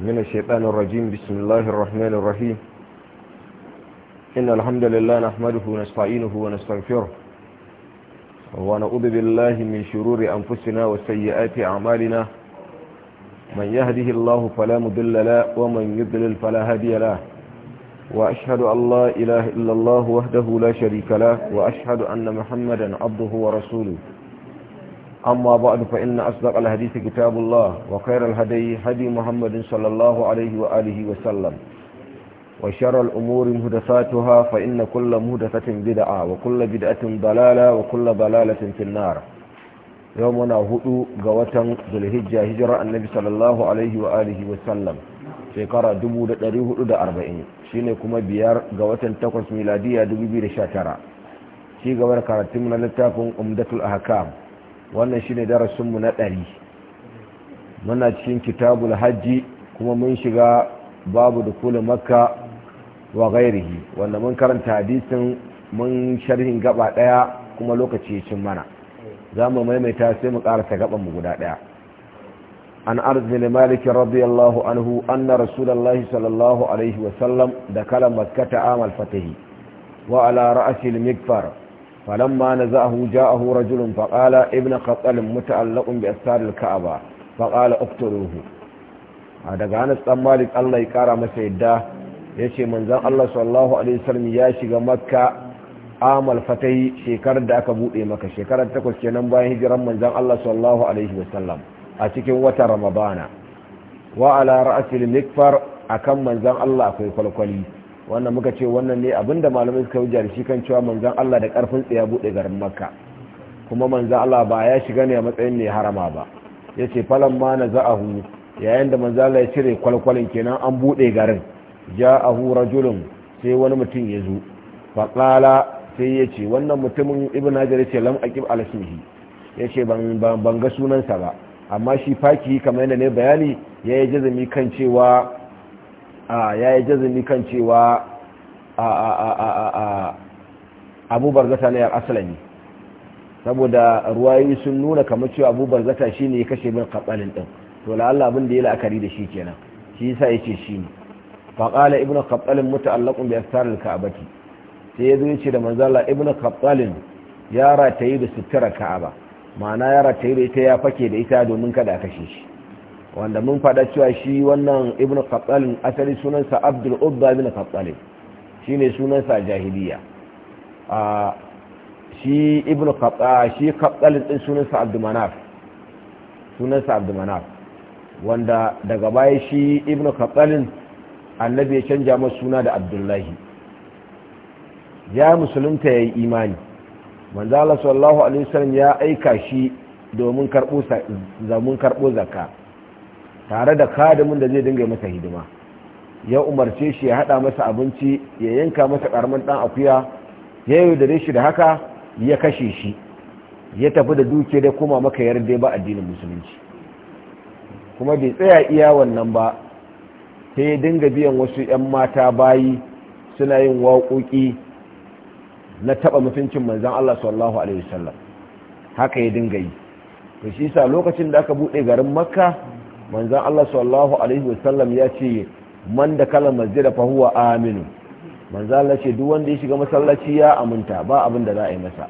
mina shaitanin rajim bismillahir rahmanir rahim innal hamdalillahi nahmaduhu wa nasta'inuhu wa nastaghfiruh wa na'udhu billahi min shururi anfusina wa sayyiati a'malina man yahdihillahu fala mudilla la wa man yudlil fala hadiya la wa ashhadu an la ilaha illallah la sharika la wa ashhadu anna muhammadan 'abduhu wa rasuluhu أما بعد فإن أصدق الحديث كتاب الله وخير الهدي هدي محمد صلى الله عليه وآله وسلم وشر الأمور مهدساتها فإن كل مهدسة بدعة وكل بدعة ضلالة وكل ضلالة في النار يومنا هدو قوة ذو الهجة هجرة النبي صلى الله عليه وآله وسلم shekara 1440 shine kuma biyar ga watan 8 miladiya 2019 ci gaba da karatun na littafin umdatul ahkam wannan shine darasinmu na ɗari muna cikin kitabul hajji kuma mun shiga babu dukula makka wa gairihi wanda mun karanta hadisin mun sharhin gaba ɗaya kuma lokaci cin mana za mu maimaita sai mu ƙarasa gaban mu guda ɗaya an arzini malikin radiyallahu anhu anna rasulallahi sallallahu alaihi wasallam da kalan makkata amal fatahi wa ala ra'asil mikfar فلما نزعه جاءه رجل فقال ابن قتل متعلق باسار الكعبه فقال اقتلوه هذا كان استن مالك الله يقرا مسي يدا yace manzon Allah sallallahu alaihi wasallam ya shiga makka amal fatai shekarar da aka bude maka shekarar takwas kenan bayan hijiran manzon Allah sallallahu alaihi wasallam a cikin watan ramadana wa ala ra'sil mikfar akan manzon Allah akwai kwalkwali wannan muka ce wannan ne abinda malamai suka hujja shi kan cewa manzan Allah da karfin tsaya bude garin makka kuma manzan Allah ba ya shiga ne a matsayin ne harama ba yace falan ma naza'ahu yayin da manzan Allah ya cire kwalkwalin kenan an bude garin ja'ahu rajulun sai wani mutum ya zo faqala sai yace wannan mutumin ibn hajar ce lam aqib al-suhi yace ban ban ga sunansa ba amma shi faki kamar yadda ne bayani ya yi jazumi kan cewa ya yi jazumi kan cewa abubuwar zata na yar asalami saboda ruwayoyi sun nuna kamar cewa abubuwar zata shi ne ya kashe min kabbalin ɗin to la'alla abin da ya la'akari da shi kenan shi sa ya ce shi ne faƙala ibn katsalin muta'allaqun bi astarar ka'abati sai ya zo ya ce da manzala ibn katsalin ya rataye da sutura ka'aba ma'ana ya rataye da ita ya fake da ita domin kada a kashe shi wanda mun fada cewa shi wannan ibn qattalin asali sunansa abdul ubba ibn shi ne sunansa jahiliya a shi ibn qattal shi qattalin din sunansa abdul manaf sunansa abdul manaf wanda daga baya shi ibn qattalin annabi ya canja masa suna da abdullahi ya musulunta yayi imani manzo allahu sallallahu alaihi wasallam ya aika shi domin karbo domin karbo zakka tare da kadimin da zai dinga masa hidima ya umarce shi ya hada masa abinci ya yanka masa karamin dan akuya ya yaudare shi da haka ya kashe shi ya tafi da duke da kuma maka yarda ba addinin musulunci kuma bai tsaya iya wannan ba sai ya dinga biyan wasu 'yan mata bayi suna yin waƙoƙi na taba mutuncin manzan Allah sallallahu Alaihi wasallam haka ya dinga yi to shi sa lokacin da aka buɗe garin makka manzan Allah sallallahu alaihi wasallam ya ce man da kala masjida fa aminu manzan Allah ce duk wanda ya shiga masallaci ya aminta ba abin da za a yi masa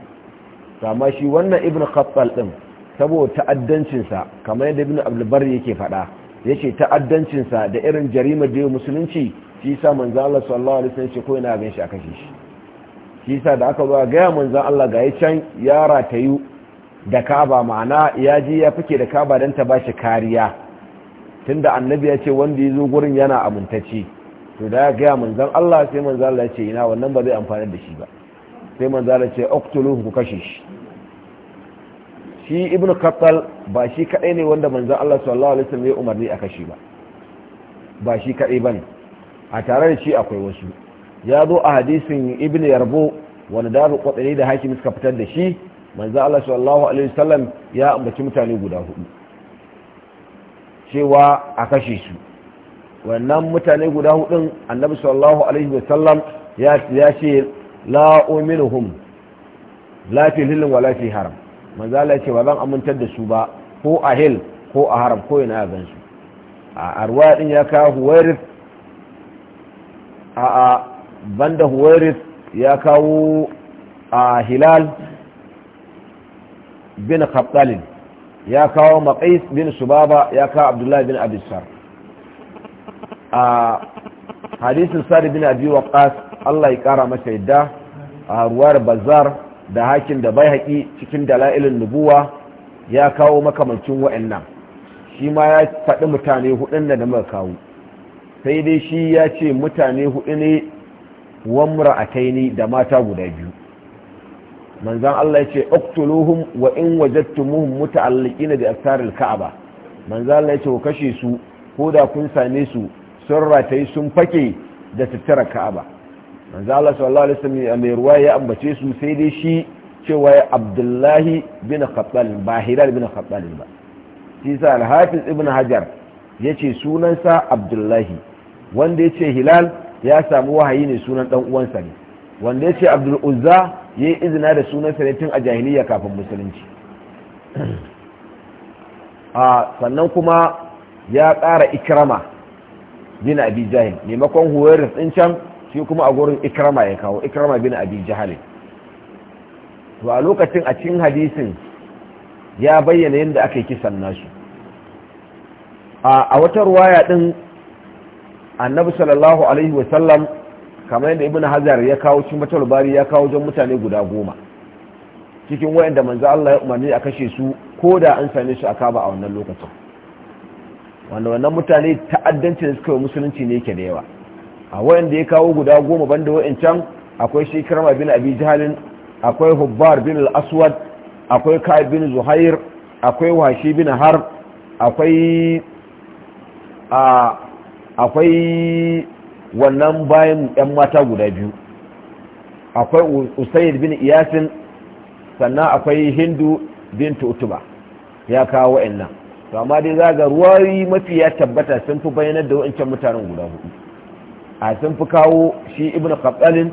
amma shi wannan ibn khattal din saboda ta'addancinsa kamar yadda ibn abdulbar yake faɗa yace ta'addancinsa da irin jarima da musulunci shi sa manzan Allah sallallahu alaihi wasallam ce ko ina gan shi a kashe shi shi sa da aka zo ga manzan Allah ga ya can ya ratayu da kaba ma'ana ya je ya fike da kaba dan ta bashi kariya tunda annabi ya ce wanda ya zo gurin yana amintacce to da ya gaya manzan Allah sai manzan Allah ya ce ina wannan ba zai amfani da shi ba sai manzan Allah ce oktulu ku kashe shi shi ibnu kattal ba shi kadai ne wanda manzan Allah sallallahu alaihi wasallam ya umarni a kashe ba ba shi kadai bane a tare da shi akwai wasu ya zo a hadisin ibnu yarbo wanda da kwatsani da hakimi suka fitar da shi manzan Allah sallallahu alaihi wasallam ya ambaci mutane guda hudu cewa a kashe su wannan mutane guda hudun annabi sallallahu alaihi wasallam ya ce la uminuhum la fi hilin wala fi haram manzala ce ba zan amintar da su ba ko a hil ko a haram ko ina gan su a arwaya din ya kawo huwairis a a banda huwairis ya kawo a hilal bin khabdalin ya kawo maqais bin subaba ya kawo abdullahi bin abisar a hadisin sari bin abi waqas Allah ya kara masa yadda a ruwar bazar da hakin da bai haƙi cikin dala'ilin nubuwa ya kawo makamancin wa'annan shi ma ya faɗi mutane hudun da muka kawo sai dai shi ya ce mutane hudu ne wamra a da mata guda biyu manzan Allah ya ce uktuluhum wa in wajadtumuhum muta'alliqina da astaril ka'aba manzan Allah ya ce ku kashe su ko da kun same su sun rataye sun fake da tattara ka'aba manzan Allah sallallahu alaihi wasallam mai ruwa ya ambace su sai dai shi cewa ya Abdullahi bin Khattal ba Hilal bin Khattal ba shi sa al-Hafiz Ibn Hajar yace sunansa Abdullahi wanda yace Hilal ya samu wahayi ne sunan dan uwansa ne wanda yace Abdul Uzza ya yi izina da sunan sa tun a jahiliya kafin musulunci a sannan kuma ya ƙara ikrama bin abi jahil maimakon huwairis ɗin can shi kuma a gurin ikrama ya kawo ikrama bin abi jahil to a lokacin a cikin hadisin ya bayyana yadda aka yi kisan nasu a wata ruwaya ɗin annabi sallallahu alaihi wasallam kamar yadda ibn hazar ya kawo cikin matar bari ya kawo jan mutane guda goma cikin wayanda manzo Allah ya umarni a kashe su ko da an same su a kaba a wannan lokacin wanda wannan mutane ta'addanci da suka yi musulunci ne yake da yawa a wayanda ya kawo guda goma banda wayancan akwai shi bin abi jahalin akwai hubbar bin al-aswad akwai ka'ib bin zuhair akwai washi bin har akwai wannan bayan yan mata guda biyu akwai usayid bin iyasin sannan akwai hindu bin Tutuba ya kawo wa'annan to amma dai zaga ruwayi mafi ya tabbata sun fi bayanar da wa'ancan mutanen guda hudu a sun fi kawo shi ibn qabalin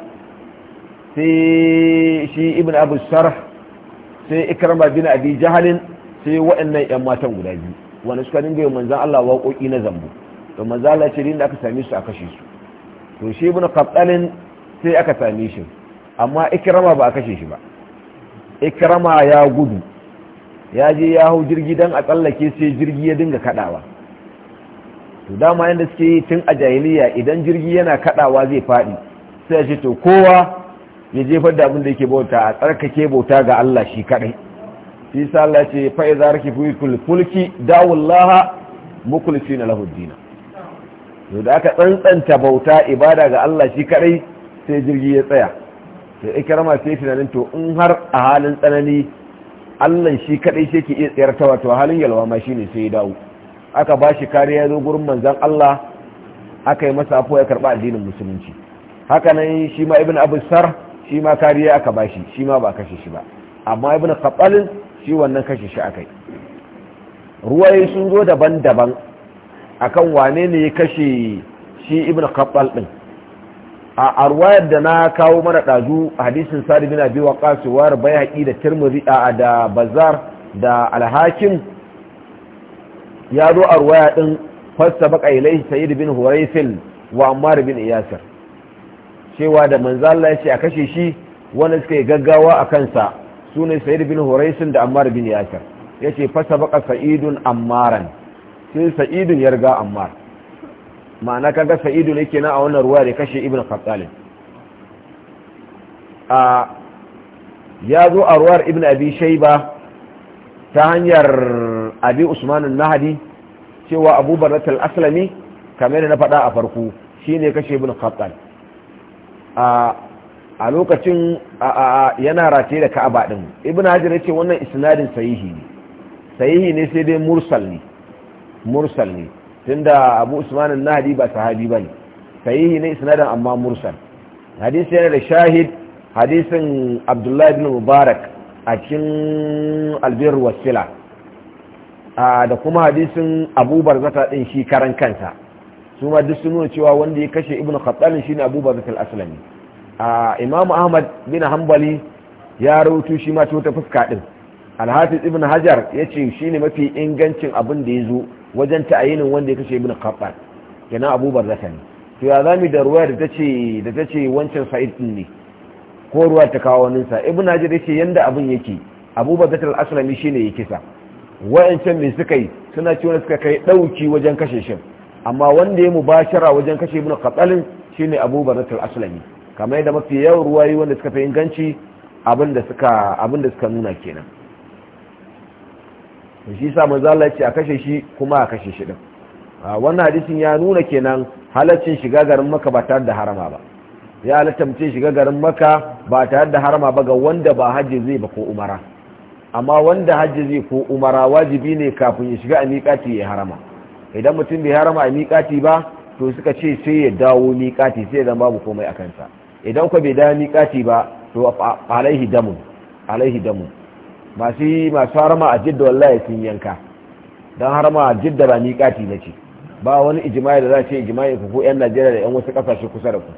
sai shi ibn abu sharh sai ikrama bin abi jahalin sai wa'annan yan matan guda biyu Wani suka dinga yi manzan Allah waƙoƙi na zambo to manzan Allah ce da aka same su a kashe su to shi ibn sai aka same shi amma ikrama ba a kashe shi ba ikrama ya gudu ya je ya hau jirgi dan a tsallake sai jirgi ya dinga kadawa to dama yanda suke yi tun a jahiliya idan jirgi yana kadawa zai fadi sai ya ce to kowa ya jefar da abin da yake bauta a tsarkake bauta ga Allah shi kadai sai sa Allah ce fa idza rakibu kulki da'u Allah lahu to da aka tsantsanta bauta ibada ga Allah shi kadai sai jirgi ya tsaya to ikrama sai tunanin to in har a halin tsanani Allah shi kadai shi ke iya tsayar ta to halin yalwa ma shine sai ya dawo aka bashi kariya zo gurin manzon Allah aka yi masa afuwa ya karba addinin musulunci haka nan shi ma ibn abu sar shi ma kariya aka ba shi ma ba kashe shi ba amma ibn khatalin shi wannan kashe shi akai ruwaye sun zo daban-daban akan wane ne ya kashe shi ibn khattal din a arwayar da na kawo mana dazu hadisin sa'id bin abi waqas wa bayhaqi da tirmidhi da bazar da al-hakim ya zo arwaya din fasabaka ilaihi sayyid bin hurayfil wa ammar bin yasir cewa da manzo Allah ya ce a kashe shi wanda suka yi gaggawa a kansa ne sayyid bin hurayfil da ammar bin yasir yace fasabaka sa'idun ammaran sai sa'idun ya riga ammar ma'ana kaga sa'idu ne kenan a wannan ruwa da kashe ibn khattalin a ya zo a ruwar ibn abi shaiba ta hanyar abi al nahadi cewa abubuwan ratar aslami kamar na faɗa a farko shi ne kashe ibn khattal a lokacin yana rataye da ka'aba din ibn hajar yace wannan isnadin sahihi sahihi ne sai dai mursal ne mursal ne tunda abu usman an-nahdi ba sahabi bane sahihi ne isnadin amma mursal hadisi yana da shahid hadisin abdullahi ibn mubarak a cikin albir wasila da kuma hadisin abubar zata din shi karan kansa su ma duk sun nuna cewa wanda ya kashe ibn khattalin shine abubar zata al-aslami imamu ahmad bin hambali ya rawaito shi ma ta fuska din alhafiz ibn hajar ya ce shi ne mafi ingancin abin da ya zo wajen ta'ayinin wanda ya kashe ibn khattab kenan Abu Barzata ne to ya zami da ruwa da tace da tace wancan Sa'id din ne ko ruwa ta kawo wani sa ibn Hajar yace yanda abin yake Abu Barzata al-Aslami shine ya kisa wayancan me suka yi suna cewa suka kai dauki wajen kashe shi amma wanda ya mubashara wajen kashe ibn khattab shine Abu Barzata al-Aslami kamar yadda mafi yawan ruwayi wanda suka fi inganci abinda suka abin da suka nuna kenan to shi sa manzo a kashe shi kuma a kashe shi din wannan hadisin ya nuna kenan halaccin shiga garin maka ba tare da harama ba ya halatta mutum shiga garin maka ba tare da harama ba ga wanda ba hajji zai ba ko umara amma wanda hajji zai ko umara wajibi ne kafin ya shiga a miƙati ya harama idan mutum bai harama a miƙati ba to suka ce sai ya dawo miƙati sai zan babu komai a kansa idan ku bai dawo miƙati ba to alaihi damu. alaihi damu masu yi masu harama a jidda wallahi sun yanka don harama a jidda ba kati na ce ba wani ijima'i da za ce ijima'i ku ko 'yan najeriya da 'yan wasu ƙasashe kusa da ku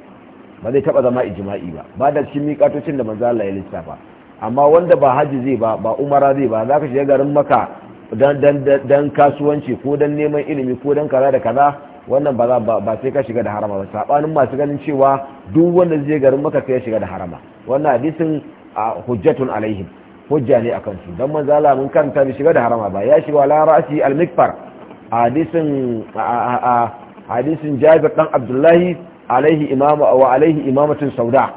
ba zai taɓa zama ijima'i ba ba da cikin miƙatocin da manzo Allah ya lissafa amma wanda ba haji zai ba ba umara zai ba za ka shiga garin maka dan kasuwanci ko dan neman ilimi ko dan kaza da kaza wannan ba ba sai ka shiga da harama ba sabanin masu ganin cewa duk wanda zai garin maka sai ya shiga da harama wannan hadisin hujjatun alaihim hujja ne akan su dan manzo Allah mun kanta bi shiga da harama ba ya shiga la ra'si al-mikfar hadisin hadisin Jabir dan Abdullahi alaihi wa alaihi imamatun sauda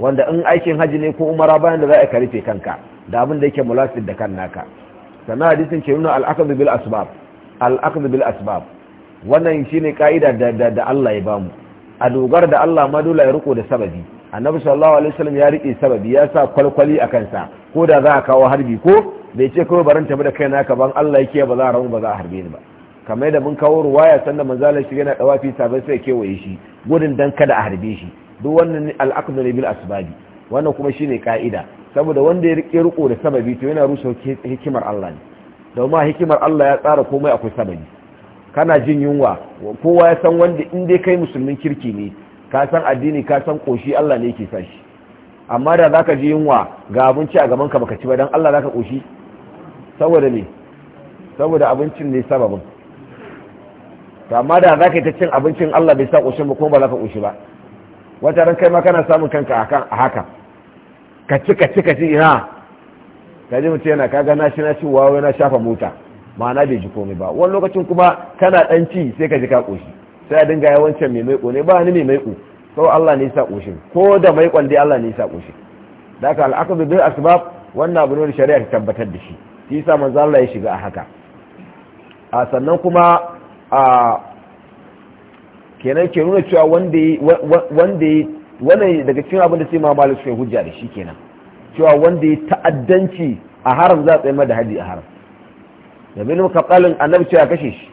wanda in aikin haji ne ko umara bayan da za a kanka da abin da yake mulasib da kan naka sannan hadisin ke nuna al-aqd bil asbab al-aqd bil asbab wannan shine kaida da da Allah ya bamu a dogar da Allah ma dole ya riko da sababi annabi sallallahu alaihi wasallam ya rike sababi ya sa kwalkwali akan sa ko da za a kawo harbi ko bai ce kawai barin tafi da kaina ka ban Allah yake ba za a ramu ba za a harbe ni ba kamar yadda mun kawo ruwaya sanda manzalar shi yana dawafi sabai sai kewaye shi gudun dan kada a harbe shi duk wannan al'aqdu bil asbabi wannan kuma shine ka'ida saboda wanda ya rike riko da sababi to yana rusa hikimar Allah ne domin hikimar Allah ya tsara komai akwai sababi kana jin yunwa kowa ya san wanda in dai kai musulmin kirki ne ka san addini ka san koshi Allah ne yake sa shi amma da ka ji yunwa ga abinci a gaban ka baka ci ba don Allah ka koshi saboda ne saboda abincin ne sababin to amma da ka yi ta cin abincin Allah bai sa kuma ba za ba zaka koshi ba wata ran kai ma kana samun kanka a haka ka ci ka ci ka ci ina ka ji mutu yana kaga na shi na ci wawo na shafa mota ma'ana bai ji komai ba wani lokacin kuma kana ɗan ci sai ka ji ka koshi sai a dinga yawancin mai maiƙo ne ba ni mai maiƙo. to Allah ne sa ƙoshin ko da mai kwalde Allah ne sa ƙoshin da aka al'akadu bil asbab wannan abu da shari'a ta tabbatar da shi shi sa manzo Allah ya shiga a haka a sannan kuma a kenan ke nuna cewa wanda wannan daga cikin abin da sai ma malik suka hujja da shi kenan cewa wanda ya ta'addanci a haram za a tsaye da haji a haram da bin muka kalin annabi cewa kashe shi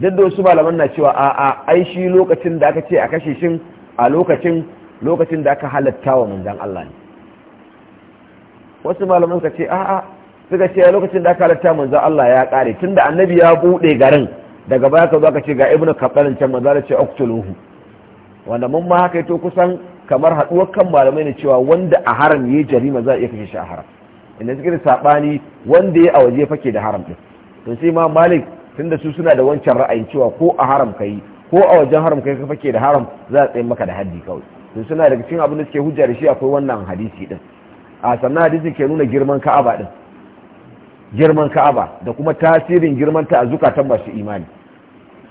duk da wasu malaman na cewa a'a ai shi lokacin da aka ce a kashe shin a lokacin lokacin da aka halatta wa manzon Allah ne wasu malaman suka ce a'a suka ce a lokacin da aka halatta manzon Allah ya kare tunda annabi ya bude garin daga baya ka zo ka ce ga ibnu kabbalin can manzo da ce uqtuluhu wanda mun ma haka to kusan kamar haduwar kan malamai ne cewa wanda a haram yayi jarima za a iya kashe shi a haram inda suke da sabani wanda ya a waje fake da haram din to sai ma malik tunda su suna da wancan ra'ayin cewa ko a haram kai ko a wajen haram kai ka ke da haram za a tsaye maka da haddi kawai sun suna daga cikin abin da suke hujja da shi akwai wannan hadisi din a sannan hadisi ke nuna girman ka'aba din girman ka'aba da kuma tasirin girman ta a zukatan masu imani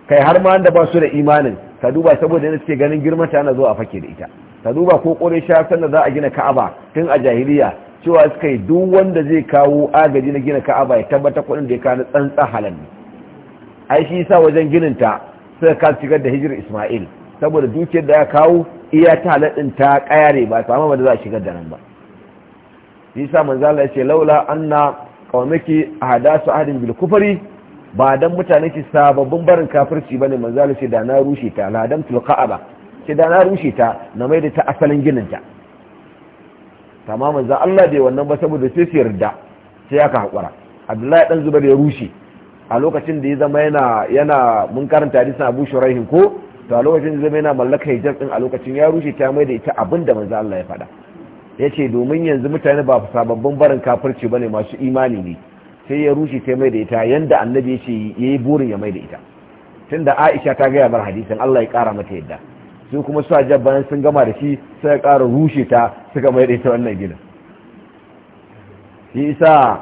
kai har ma da ba su da imanin ka duba saboda yana suke ganin girman ta ana zo a fake da ita ka duba ko kore sha sanda za a gina ka'aba tun a jahiliya cewa suka yi duk wanda zai kawo agaji na gina ka'aba ya tabbata kuɗin da ya kawo tsantsa halal ne ai shi yasa wajen ginin ta suka kasa shigar da hijir Isma'il saboda dukiyar da ya kawo iya ta halaɗin ta kayare ba a ba da za a shigar da nan ba shi yasa manzala ya ce laula anna qaumaki ahadasu ahadin bil kufari ba dan mutane ki sababbin barin kafirci bane manzala ce da na rushe ta la dam tul ce da na rushe ta na mai da ta asalin ginin ta tamamin za Allah bai wannan ba saboda sai su yarda sai aka haƙura abdullahi dan zubar ya rushe a lokacin da ya zama yana mun karanta hadisin Abu Shuraihin ko to a lokacin da zama yana mallaka hijab din a lokacin ya rushe ta mai da ita abinda manzo Allah ya faɗa yace domin yanzu mutane ba sababbin barin kafirci bane masu imani ne sai ya rushe ta mai da ita yanda annabi ya yace yayi burin ya mai da ita tunda Aisha ta ga bar hadisin Allah ya kara mata yadda su kuma su hajjab bayan sun gama da shi sai ya kara rushe ta suka mai da ita wannan ginin shi isa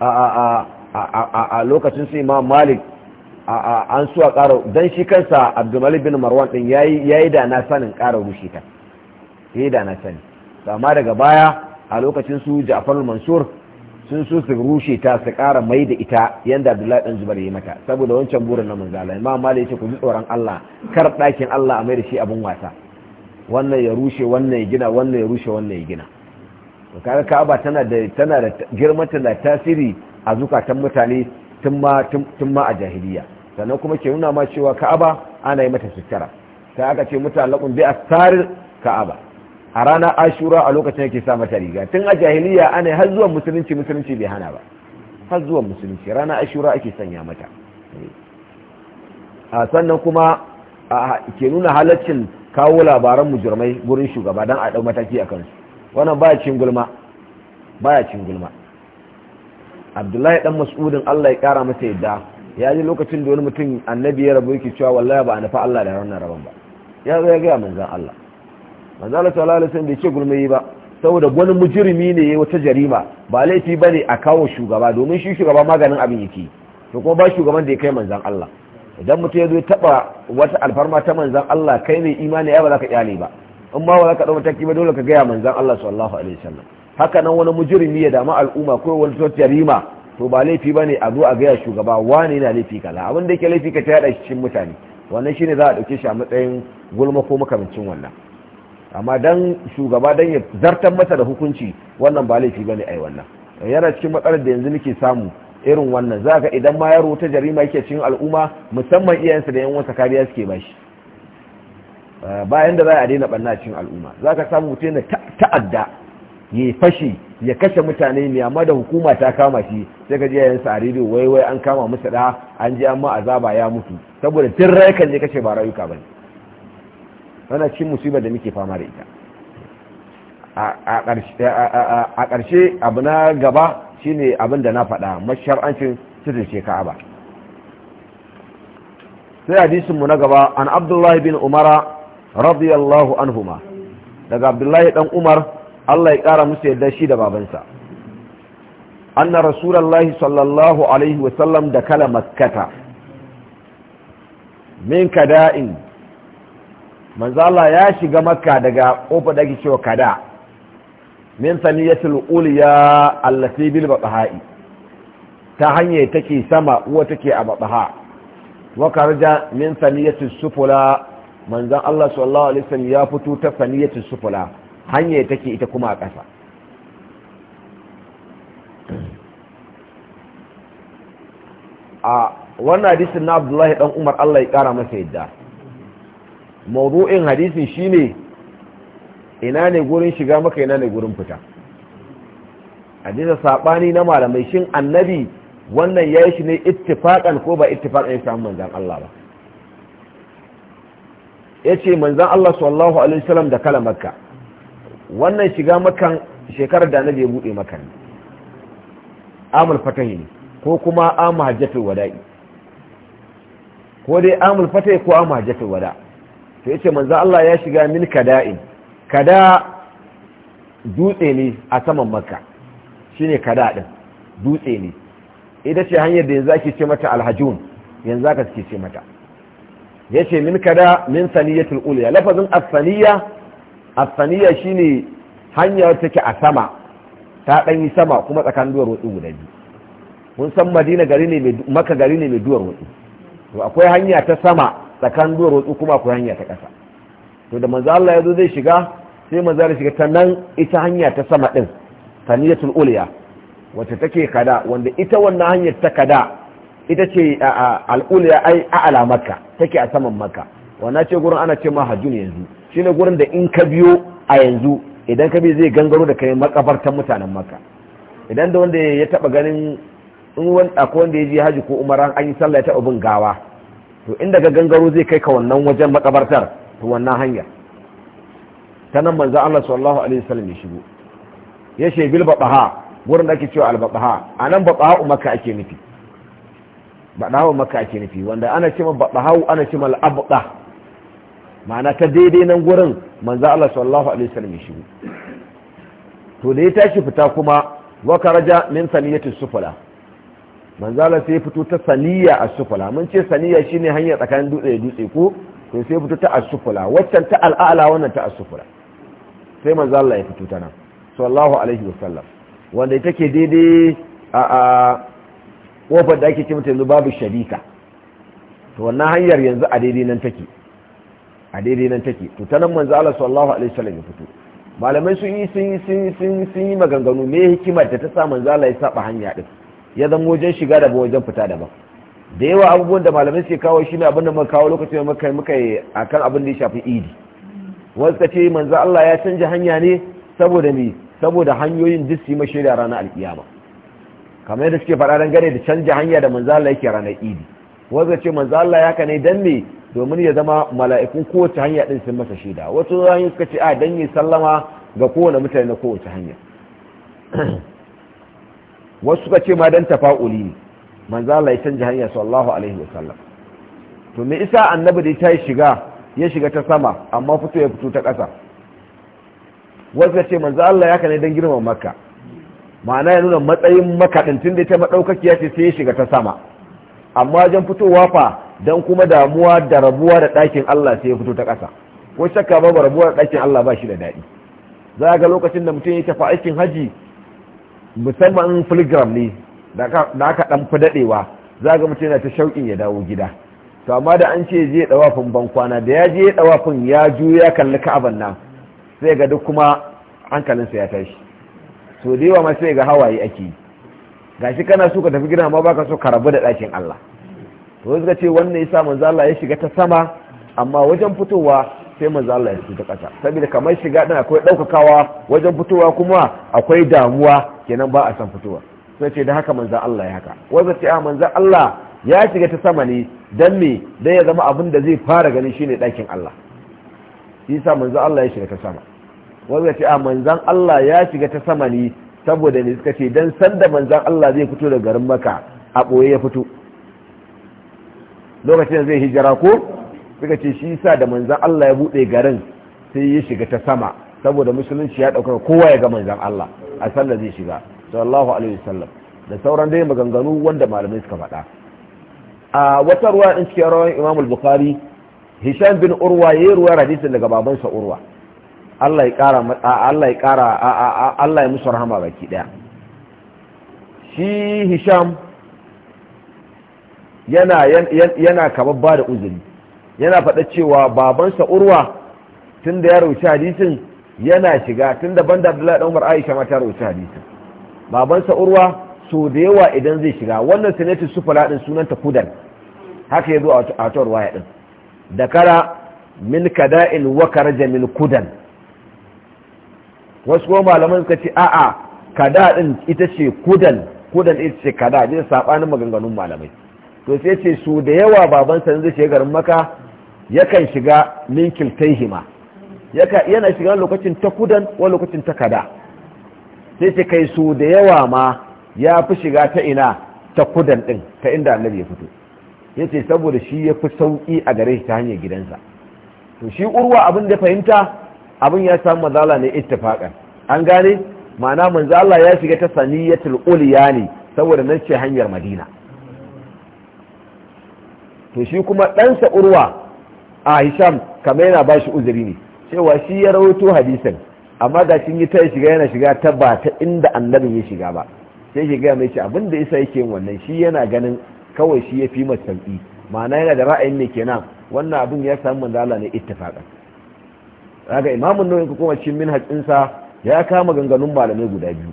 a a a a lokacin su imam malik an suwa karo don shi kansa abdulmalik bin marwan ɗin ya yi da na sanin karo rushe ta ya yi da na sani amma daga baya a lokacin su ja'far mansur sun so su rushe ta su kara mai da ita yadda abdullahi ɗan zubar ya mata saboda wancan burin na manzala imam malik ya ce ku ji tsoron allah kar ɗakin allah a mai da shi abin wasa wannan ya rushe wannan ya gina wannan ya rushe wannan ya gina kaga ka'aba tana da tana da girmanta da tasiri a zukatan mutane tun ma a jahiliya sannan kuma ke nuna ma cewa ka'aba ana yi mata sutura sai aka ce mutalakun bi tsarin ka'aba a ranar ashura a lokacin yake sa mata riga tun a jahiliya ana har zuwan musulunci musulunci bai hana ba har zuwan musulunci ranar ashura ake sanya mata eh. a sannan kuma ke nuna halaccin kawo labaran mujurmai wurin shugaba don a ɗau mataki a kansu wannan baya cin gulma baya cin gulma abdullahi dan mas'udin Allah ya kara masa yadda ya ji lokacin da wani mutum annabi ya rabu yake cewa wallahi ba a nufa Allah da wannan rabon ba ya zo ya ga manzan Allah manzan Allah sallallahu alaihi wasallam bai ce yi ba saboda wani mujirimi ne ya wata jarima ba laifi ba ne a kawo shugaba domin shi shugaba maganin abin yake to kuma ba shugaban da ya kai manzan Allah idan mutum ya zo ya taba wata alfarma ta manzan Allah kai mai imani ya ba za ka kyale ba in ma ba za ka dauka mataki ba dole ka gaya manzan Allah sallallahu alaihi wasallam haka nan wani mujirimi ya damu al'umma ko wani jarima to ba laifi ba ne a zo a gaya shugaba wani na laifi kaza abin da yake laifi ka ta shi cikin mutane wannan shine za a ɗauke shi a matsayin gulma ko makamancin wannan amma dan shugaba dan ya zartar masa da hukunci wannan ba laifi ba a ai wannan yana cikin matsalar da yanzu muke samu irin wannan za ka idan ma yaro ta jarima yake cikin al'umma musamman iyayensa da yan wasa kariya suke bashi bayan da za a daina banna cikin al'umma za ka samu mutum yana ta'adda ya fashi ya kashe mutane ne amma da hukuma ta kama shi sai ka je yayin a rediyo wai wai an kama musu da an ji amma azaba ya mutu saboda tun raikan ne kashe ba rayuka bane wannan cin musibar da muke fama da ita a ƙarshe abu na gaba shine abin da na faɗa mashar'ancin titin sheka'a ba sai hadisinmu na gaba an abdullahi bin umara radiyallahu anhuma daga abdullahi dan umar Allah ya ƙara musu yadda shi da babansa anna rasulallah sallallahu alaihi wasallam da kala maskata. min kada'in manzala ya shiga makka daga ƙofa da cewa kada min saniyatul uliya allati bil babaha'i ta hanyar take sama uwa take a babaha wa karja min saniyatus sufula manzan Allah sallallahu alaihi wasallam ya fito ta saniyatus sufula hanyar take ita kuma a ƙasa a wannan hadisin na abdullahi ɗan umar allah ya ƙara masa yadda mawudu'in hadisin shine ina ne gurin shiga maka ina ne gurin fita hadisin saɓani na malamai shin annabi wannan ya yi shi ne ittifaƙan ko ba ittifaƙan ya samu manzan allah ba ya ce manzan allah sallallahu alaihi wasallam da kala makka wannan shiga makan shekarar da annabi ya bude makan amul fatahi ne ko kuma amu hajjatul wada'i ko dai amul fatahi ko amu hajjatul wada to yace manzo Allah ya shiga min kada'in kada dutse ne a saman makka shine kada din dutse ne ita ce hanyar da yanzu ake ce mata alhajun yanzu aka suke ce mata yace min kada min saniyatul ulya lafazin as-saniyah asaniya shine hanya take a sama ta dan yi sama kuma tsakanin duwar wutsu guda biyu mun san madina gari ne mai maka gari ne mai duwar wutsu to akwai hanya ta sama tsakanin duwar wutsu kuma akwai hanya ta ƙasa to da manzo Allah ya zo zai shiga sai manzo Allah shiga ta nan ita hanya ta sama din saniyatul ulya wacce take kada wanda ita wannan hanyar ta kada ita ce al'uliya ai a'ala makka take a saman makka wannan ce gurin ana ce ma hajjun yanzu ne gurin da in ka biyo a yanzu idan ka bi zai gangaro da kai makabartan mutanen maka idan da wanda ya taba ganin in akwai wanda ya ji haji ko umaran an yi sallah ya taba bin gawa to inda ka gangaro zai kai ka wannan wajen makabartar to wannan hanya ta nan manzo Allah sallallahu alaihi wasallam ya shigo ya ce bil babaha gurin da ake cewa al nan anan babaha umaka ake nufi babaha umaka ake nufi wanda ana cewa babaha ana cewa al abqa ma'ana ta daidai nan gurin manzo Allah sallallahu alaihi wasallam shigo to da ya tashi fita kuma wa karaja min saniyati sufala manzo Allah sai fito ta saniya as sufala mun ce saniya shine hanya tsakanin dutse da dutse ko to sai fito ta as sufala waccan ta al'ala wannan ta as sufala sai manzo Allah ya fito ta nan sallallahu alaihi wasallam wanda take daidai a a kofar da ake ce mata yanzu babu sharika to wannan hanyar yanzu a daidai nan take a daidai nan take to ta nan manzo Allah sallallahu alaihi wasallam ya fito malamai sun yi sun yi sun yi sun yi maganganu me hikimar da ta sa manzo Allah ya saba hanya din ya zama wajen shiga da wajen fita daban da yawa abubuwan da malamai suke kawo shi ne abin da muka kawo lokacin da muka muka akan abin da ya shafi idi wasu ka ce manzo Allah ya canja hanya ne saboda me saboda hanyoyin duk su yi mashi da ranar alkiyama kamar yadda suke faɗa dangane da canja hanya da manzo Allah yake ranar idi wasu ka ce manzo Allah ya ka ne dan me domin ya zama mala'ikun kowace hanya din sun masa shaida wasu hanyar suka ce a dan yi sallama ga kowane mutane na kowace hanya wasu suka ce ma dan tafa'uli manzo Allah ya canja hanya sallallahu alaihi wasallam to me isa annabi da ta shiga ya shiga ta sama amma fito ya fito ta ƙasa wasu ce manzo Allah ya kane don girman makka ma'ana ya nuna matsayin makaɗin tun da ta maɗaukakiya ce sai ya shiga ta sama amma wajen fitowa fa dan kuma damuwa da rabuwa da ɗakin Allah sai ya fito ta ƙasa ko shakka ba rabuwa da ɗakin Allah ba shi da daɗi za ga lokacin da mutum ya tafi aikin haji musamman filigram ne da aka ɗan fi daɗewa za ga mutum yana ta shauƙin ya dawo gida to amma da an ce je ɗawafin ban kwana da ya je ɗawafin ya juya kalli ka'aban nan sai ga duk kuma hankalinsa ya tashi so da yawa ma sai ga hawaye ake yi gashi kana so ka tafi gida amma baka so ka rabu da ɗakin Allah to suka ce wannan sa manzo Allah ya shiga ta sama amma wajen fitowa sai manzo Allah ya shiga kasa saboda kamar shiga din akwai ɗaukakawa, wajen fitowa kuma akwai damuwa kenan ba a san fitowa sai ce da haka manzo Allah ya haka wanda ce a ah, manzo Allah ya shiga ta sama ne dan me dan ya zama abin da zai fara ganin shine dakin Allah yasa manzo Allah ya shiga ta sama wanda ce a ah, manzan Allah ya shiga ta sama ne saboda ne suka ce dan sanda manzan Allah zai fito daga garin maka a boye ya fito lokacin da zai hijira ko suka ce shi sa da manzan Allah ya buɗe garin sai ya shiga ta sama saboda musulunci ya ɗaukar kowa ya ga manzan Allah a sallar zai shiga sallallahu alaihi wasallam da sauran dai maganganu wanda malamai suka faɗa a wata ruwa din cikin rawan Imam al-Bukhari Hisham bin Urwa yayi ruwa hadisin daga babansa Urwa Allah ya kara Allah ya kara Allah ya musu rahama baki daya shi Hisham yana yana kamar ba da uzuri yana faɗa cewa babansa urwa tun da ya rauci hadisin yana shiga tun da banda abdullahi dan umar aisha ma ta rauci hadisin babansa urwa so da yawa idan zai shiga wannan sanatin sufala din sunanta kudan haka ya zo a tawar waya din da kara min kada'il wa karaja min kudan wasu kuma malaman suka ce a'a kada din ita ce kudan kudan ita ce kada ne sabanin maganganun malamai to sai ce su da yawa babansa yanzu zai garin maka yakan shiga min yaka yana shiga lokacin ta kudan wa lokacin ta kada sai ce kai su da yawa ma ya fi shiga ta ina ta kudan din ta inda annabi ya fito yace saboda shi ya fi sauki a gare shi ta hanyar gidansa to shi urwa abin da fahimta abin ya samu mazala ne ittifaqan an gane ma'ana manzo Allah ya shiga ta saniyatul uliya ne saboda nan ce hanyar Madina to shi kuma ɗansa urwa a hisham kamar yana ba shi uzuri ne cewa shi ya rahoto hadisin amma ga shi yi ta shiga yana shiga ta ba ta inda annabin ya shiga ba sai gaya mai ce abin da isa yake wannan shi yana ganin kawai shi ya fi masauki ma'ana yana da ra'ayin ne kenan wannan abin ya samu mandala ne ittifaka kaga imamun nawawi ko kuma cikin insa ya kama ganganun malamai guda biyu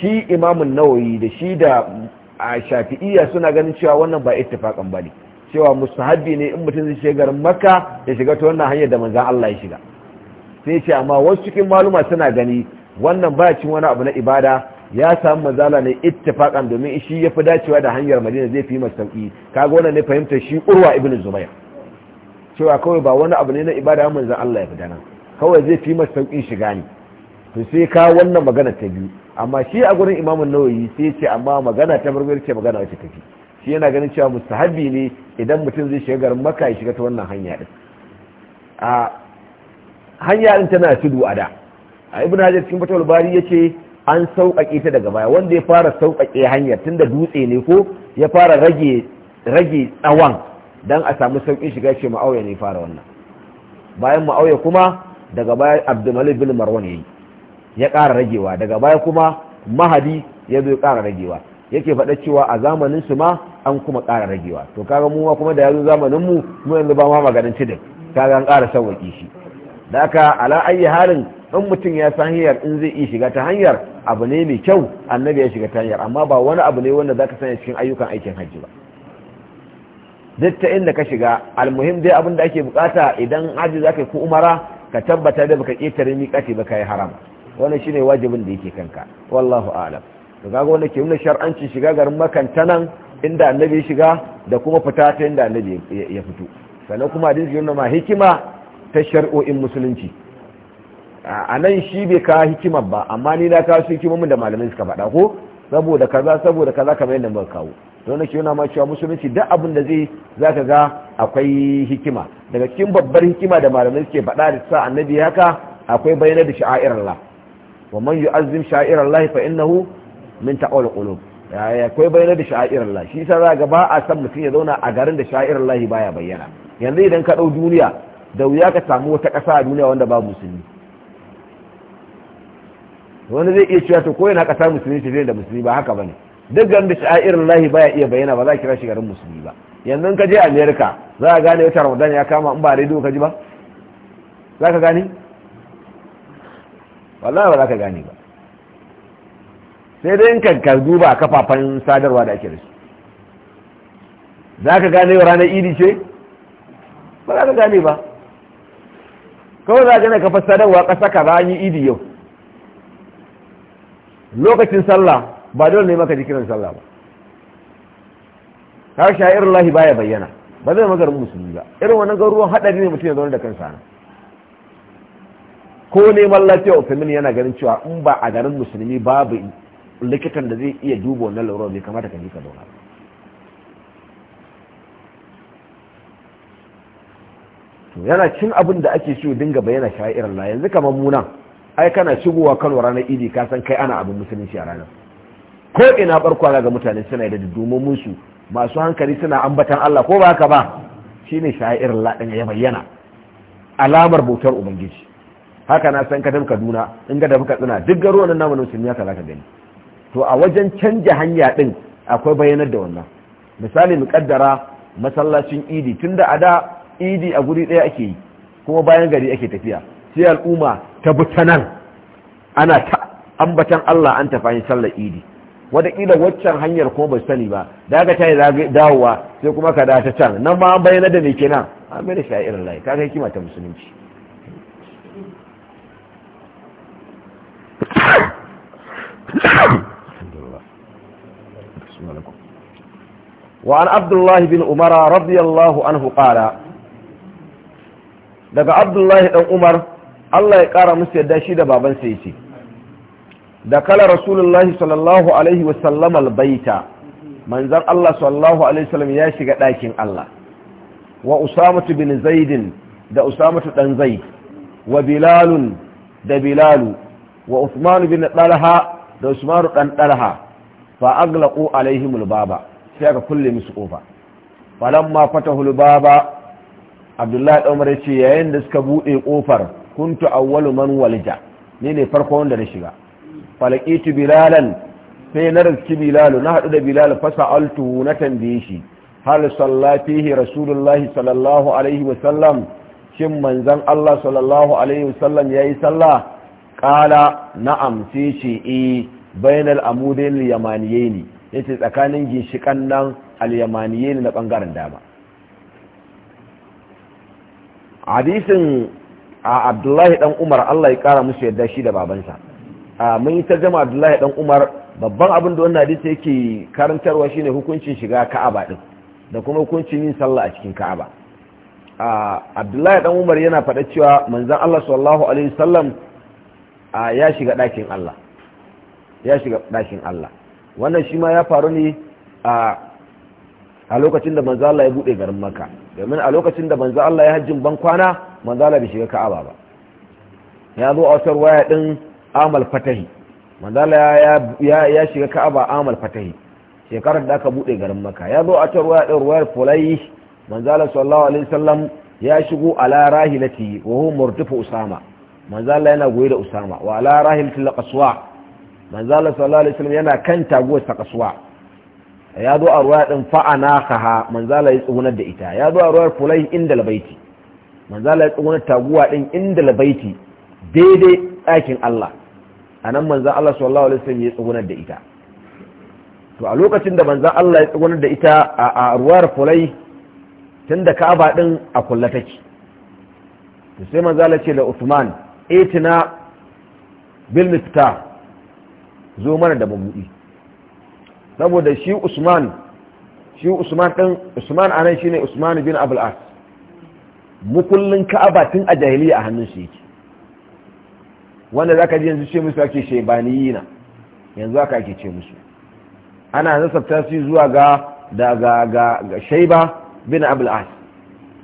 shi imamun nawawi da shi da a shafi'iyya suna ganin cewa wannan ba ittifaqan bane cewa mustahabi ne in mutum zai shiga makka ya shiga ta wannan hanyar da manzon Allah ya shiga sai ce amma wasu cikin maluma suna gani wannan ba cin wani abu na ibada ya samu mazala ne ittifaqan domin shi yafi dacewa da hanyar Madina zai fi masa sauki kaga wannan ne fahimtar shi Urwa ibn Zubair cewa kawai ba wani abu ne na ibada manzon Allah ya fi dana kawai zai fi masa sauki shiga ne to sai ka wannan magana ta biyu amma shi a gurin imamun nawayi sai ce amma magana ta marmari ce magana wacce take shi yana ganin cewa mustahabi ne idan mutum zai shiga garin maka ya shiga ta wannan hanya din a hanya din tana tudu a da a ibn hajar cikin fatawul bari yace an sauƙaƙe ta daga baya wanda ya fara sauƙaƙe hanyar da dutse ne ko ya fara rage rage tsawon dan a samu sauƙin shiga ce ma'auya ne fara wannan bayan ma'auya kuma daga baya abdulmalik bin marwan ya yi. ya ƙara ragewa daga baya kuma mahadi ya zo ya ƙara ragewa yake faɗa cewa a zamanin su ma an kuma ƙara ragewa to kaga mu ma kuma da yazo zamanin mu mu yanzu ba ma maganin cidin kaga an ƙara sauƙi shi da aka ala ayi halin in mutum ya san hanyar in zai iya shiga ta hanyar abu ne mai kyau annabi ya shiga ta hanyar amma ba wani abu ne wanda zaka sanya cikin ayyukan aikin hajji ba duk ta inda ka shiga almuhim dai abin da ake bukata idan hajji zaka yi ko umara ka tabbata da baka ƙetare miƙati ba ka yi haram. wannan shine wajibin da yake kanka wallahu a'lam to kaga wannan ke nuna shar'anci shiga garin makan nan inda annabi ya shiga da kuma fita ta inda annabi ya fito sannan kuma hadisi yana ma hikima ta shar'o'in musulunci a nan shi bai kawo hikimar ba amma ni na kawo su hikimomin da malamai suka faɗa ko saboda kaza saboda kaza kamar yadda muka kawo to wannan yana ma cewa musulunci da abin da zai zaka ga akwai hikima daga cikin babbar hikima da malamai suke faɗa da sa annabi haka akwai bayyana da sha'airar Allah wa man yu'azzim sha'ir Allah fa innahu min taqwal qulub ya kai bayyana da sha'ir Allah shi yasa za ga ba a san mutum ya zauna a garin da sha'ir Allah baya bayyana yanzu idan ka dau duniya da wuya ka samu wata ƙasa a duniya wanda ba musulmi wani zai iya cewa to ko yana ƙasa musulmi ce da musulmi ba haka bane duk garin da sha'ir Allah baya iya bayyana ba za ki kira shi garin musulmi ba yanzu ka je America za ka gane wata Ramadan ya kama in ba rediyo ka ji ba za ka gane wallahi ba za ka gane ba sai dai in ka duba kafafen sadarwa da ake da su za ka gane wa ranar idi ce ba za ka gane ba kawai za ka gane kafar sadarwa ƙasa ka ba yi idi yau lokacin sallah ba dole ne maka jikin sallah ba har irin lahi baya bayyana ba zai magar musulmi ba irin wannan ruwan haɗari ne mutum ya zaune da kansa na ko neman lafiya ofemin yana ganin cewa in ba a garin musulmi babu likitan da zai iya duba wannan larurar bai kamata ka nika zauna to yana cin abin da ake so dinga bayyana sha'irar la yanzu kamar munan ai kana shigowa Kano ranar Idi ka san kai ana abin musulunci a ranar ko ina barkwa ga mutane suna da dumomin musu masu hankali suna ambatan Allah ko ba haka ba shine sha'irar la din ya bayyana alamar bautar ubangiji haka na san ka kaduna in ka tafi katsina duk garuwa nan namu musulmi ya za ka gani to a wajen canja hanya din akwai bayanar da wannan misali mu masallacin idi tunda a da idi a guri daya ake yi kuma bayan gari ake tafiya sai al'umma ta butanan nan ana ta ambatan Allah an tafi yin sallar idi kila waccan hanyar kuma ba sani ba da aka tayi dawowa sai kuma ka da ta can nan ma an da ne kenan amma a da sha'irar layi kaga hikima ta musulunci وعن عبد الله بن عمر رضي الله عنه قال daga abdullahi dan umar allah ya kara musu yadda shi da babansa ya ce da kala rasulullahi sallallahu alaihi wasallam albaita manzan allah sallallahu alaihi wasallam ya shiga ɗakin allah wa usamatu bin zaidin da usamatu dan zaid wa bilalun da bilalu wa Usman bin Dalha da Usman dan Dalha fa aglaqu alaihim albaba sai aka kulle musu kofa falamma fatahu albaba Abdullahi dan Umar yace yayin da suka bude kofar kuntu awwalu man walija ni ne farko wanda na shiga falaqitu bilalan sai na rizki bilalu na hadu da bilal altuhu na tambaye shi hal sallatihi rasulullahi sallallahu alaihi wasallam shin manzon Allah sallallahu alaihi wasallam yayi sallah ƙala na'am sai ce e bainal amudin yamaniye ne ya ce tsakanin ginshikan nan alyamaniye na ɓangaren dama hadisin a abdullahi dan umar allah ya ƙara musu yadda shi da babansa mun yi tarjama abdullahi dan umar babban abin da wannan hadisi yake karantarwa shine hukuncin shiga ka'aba din da kuma hukuncin yin sallah a cikin ka'aba abdullahi dan umar yana faɗa cewa manzon allah sallallahu alaihi wasallam a ya shiga ɗakin Allah ya shiga ɗakin Allah wannan shi ma ya faru ne a lokacin da manzo Allah ya bude garin Makka domin a lokacin da manzo Allah ya hajjin ban kwana manzo Allah bai shiga Ka'aba ba ya zo a wata waya din Amal Fatahi manzo Allah ya ya shiga Ka'aba Amal Fatahi shekarar da aka bude garin Makka ya zo a wata waya din ruwayar Fulai manzo Allah sallallahu alaihi wasallam ya shigo ala rahilati wa huwa murtifu Usama manzo Allah yana goyi da Usama wa ala rahim fil qaswa manzo Allah sallallahu alaihi wasallam yana kan taguwar ta qaswa ya zo a ruwa din fa anakaha manzo Allah ya tsugunar da ita ya zo a ruwa fulai inda labaiti manzo Allah ya tsugunar taguwa din inda labaiti daidai ɗakin Allah anan manzo Allah sallallahu alaihi wasallam ya tsugunar da ita to a lokacin da manzo Allah ya tsugunar da ita a ruwar fulai da Ka'aba din a kullataki take to sai manzo Allah ce da Uthman itina bil miftah zo mana da mabudi saboda shi usman shi usman din usman anan shine usman bin abul as mukullin ka'aba tun a jahiliya a hannun shi yake wanda zaka ji yanzu ce musu ake shebaniyina yanzu aka ake ce musu ana nasabta su zuwa ga da ga ga shaiba bin abul as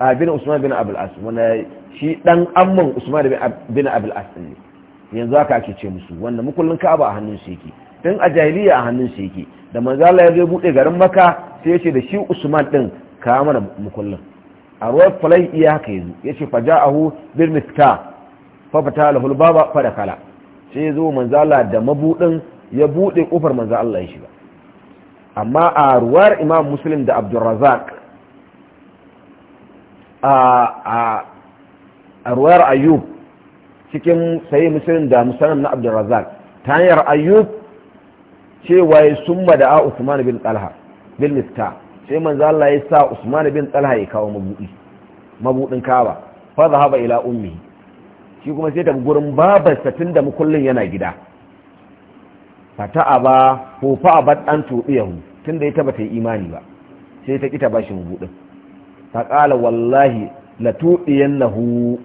a bin usman bin abul as wanda shi dan amman usman bin abul as yanzu haka ake ce musu wanda mukullin ka'aba a hannun shi yake tun a jahiliya a hannun shi yake da manzo Allah ya zo bude garin maka sai ya ce da shi usman din ka mana mukullin a ruwa falai iya haka yanzu ya ce fa ja'ahu bil mifta fa fata lahu baba fa dakala sai ya zo manzo Allah da mabudin ya bude kofar manzo Allah ya shiga amma a ruwar imam muslim da abdurrazak a a ruwayar ayyub cikin sayi musulun da musanan na abdulrazak ta hanyar ayyub cewa ya summa da a usman bin talha bin mista sai manzo Allah ya sa usman bin talha ya kawo mabudi mabudin kaba fa zahaba ila ummi shi kuma sai tafi gurin babarsa tunda mukullin yana gida fata'a ba ko fa'abat an tuɗiyahu tunda ita bata yi imani ba sai ta kita bashi mabudin ta ƙala wallahi la tuɗiyannahu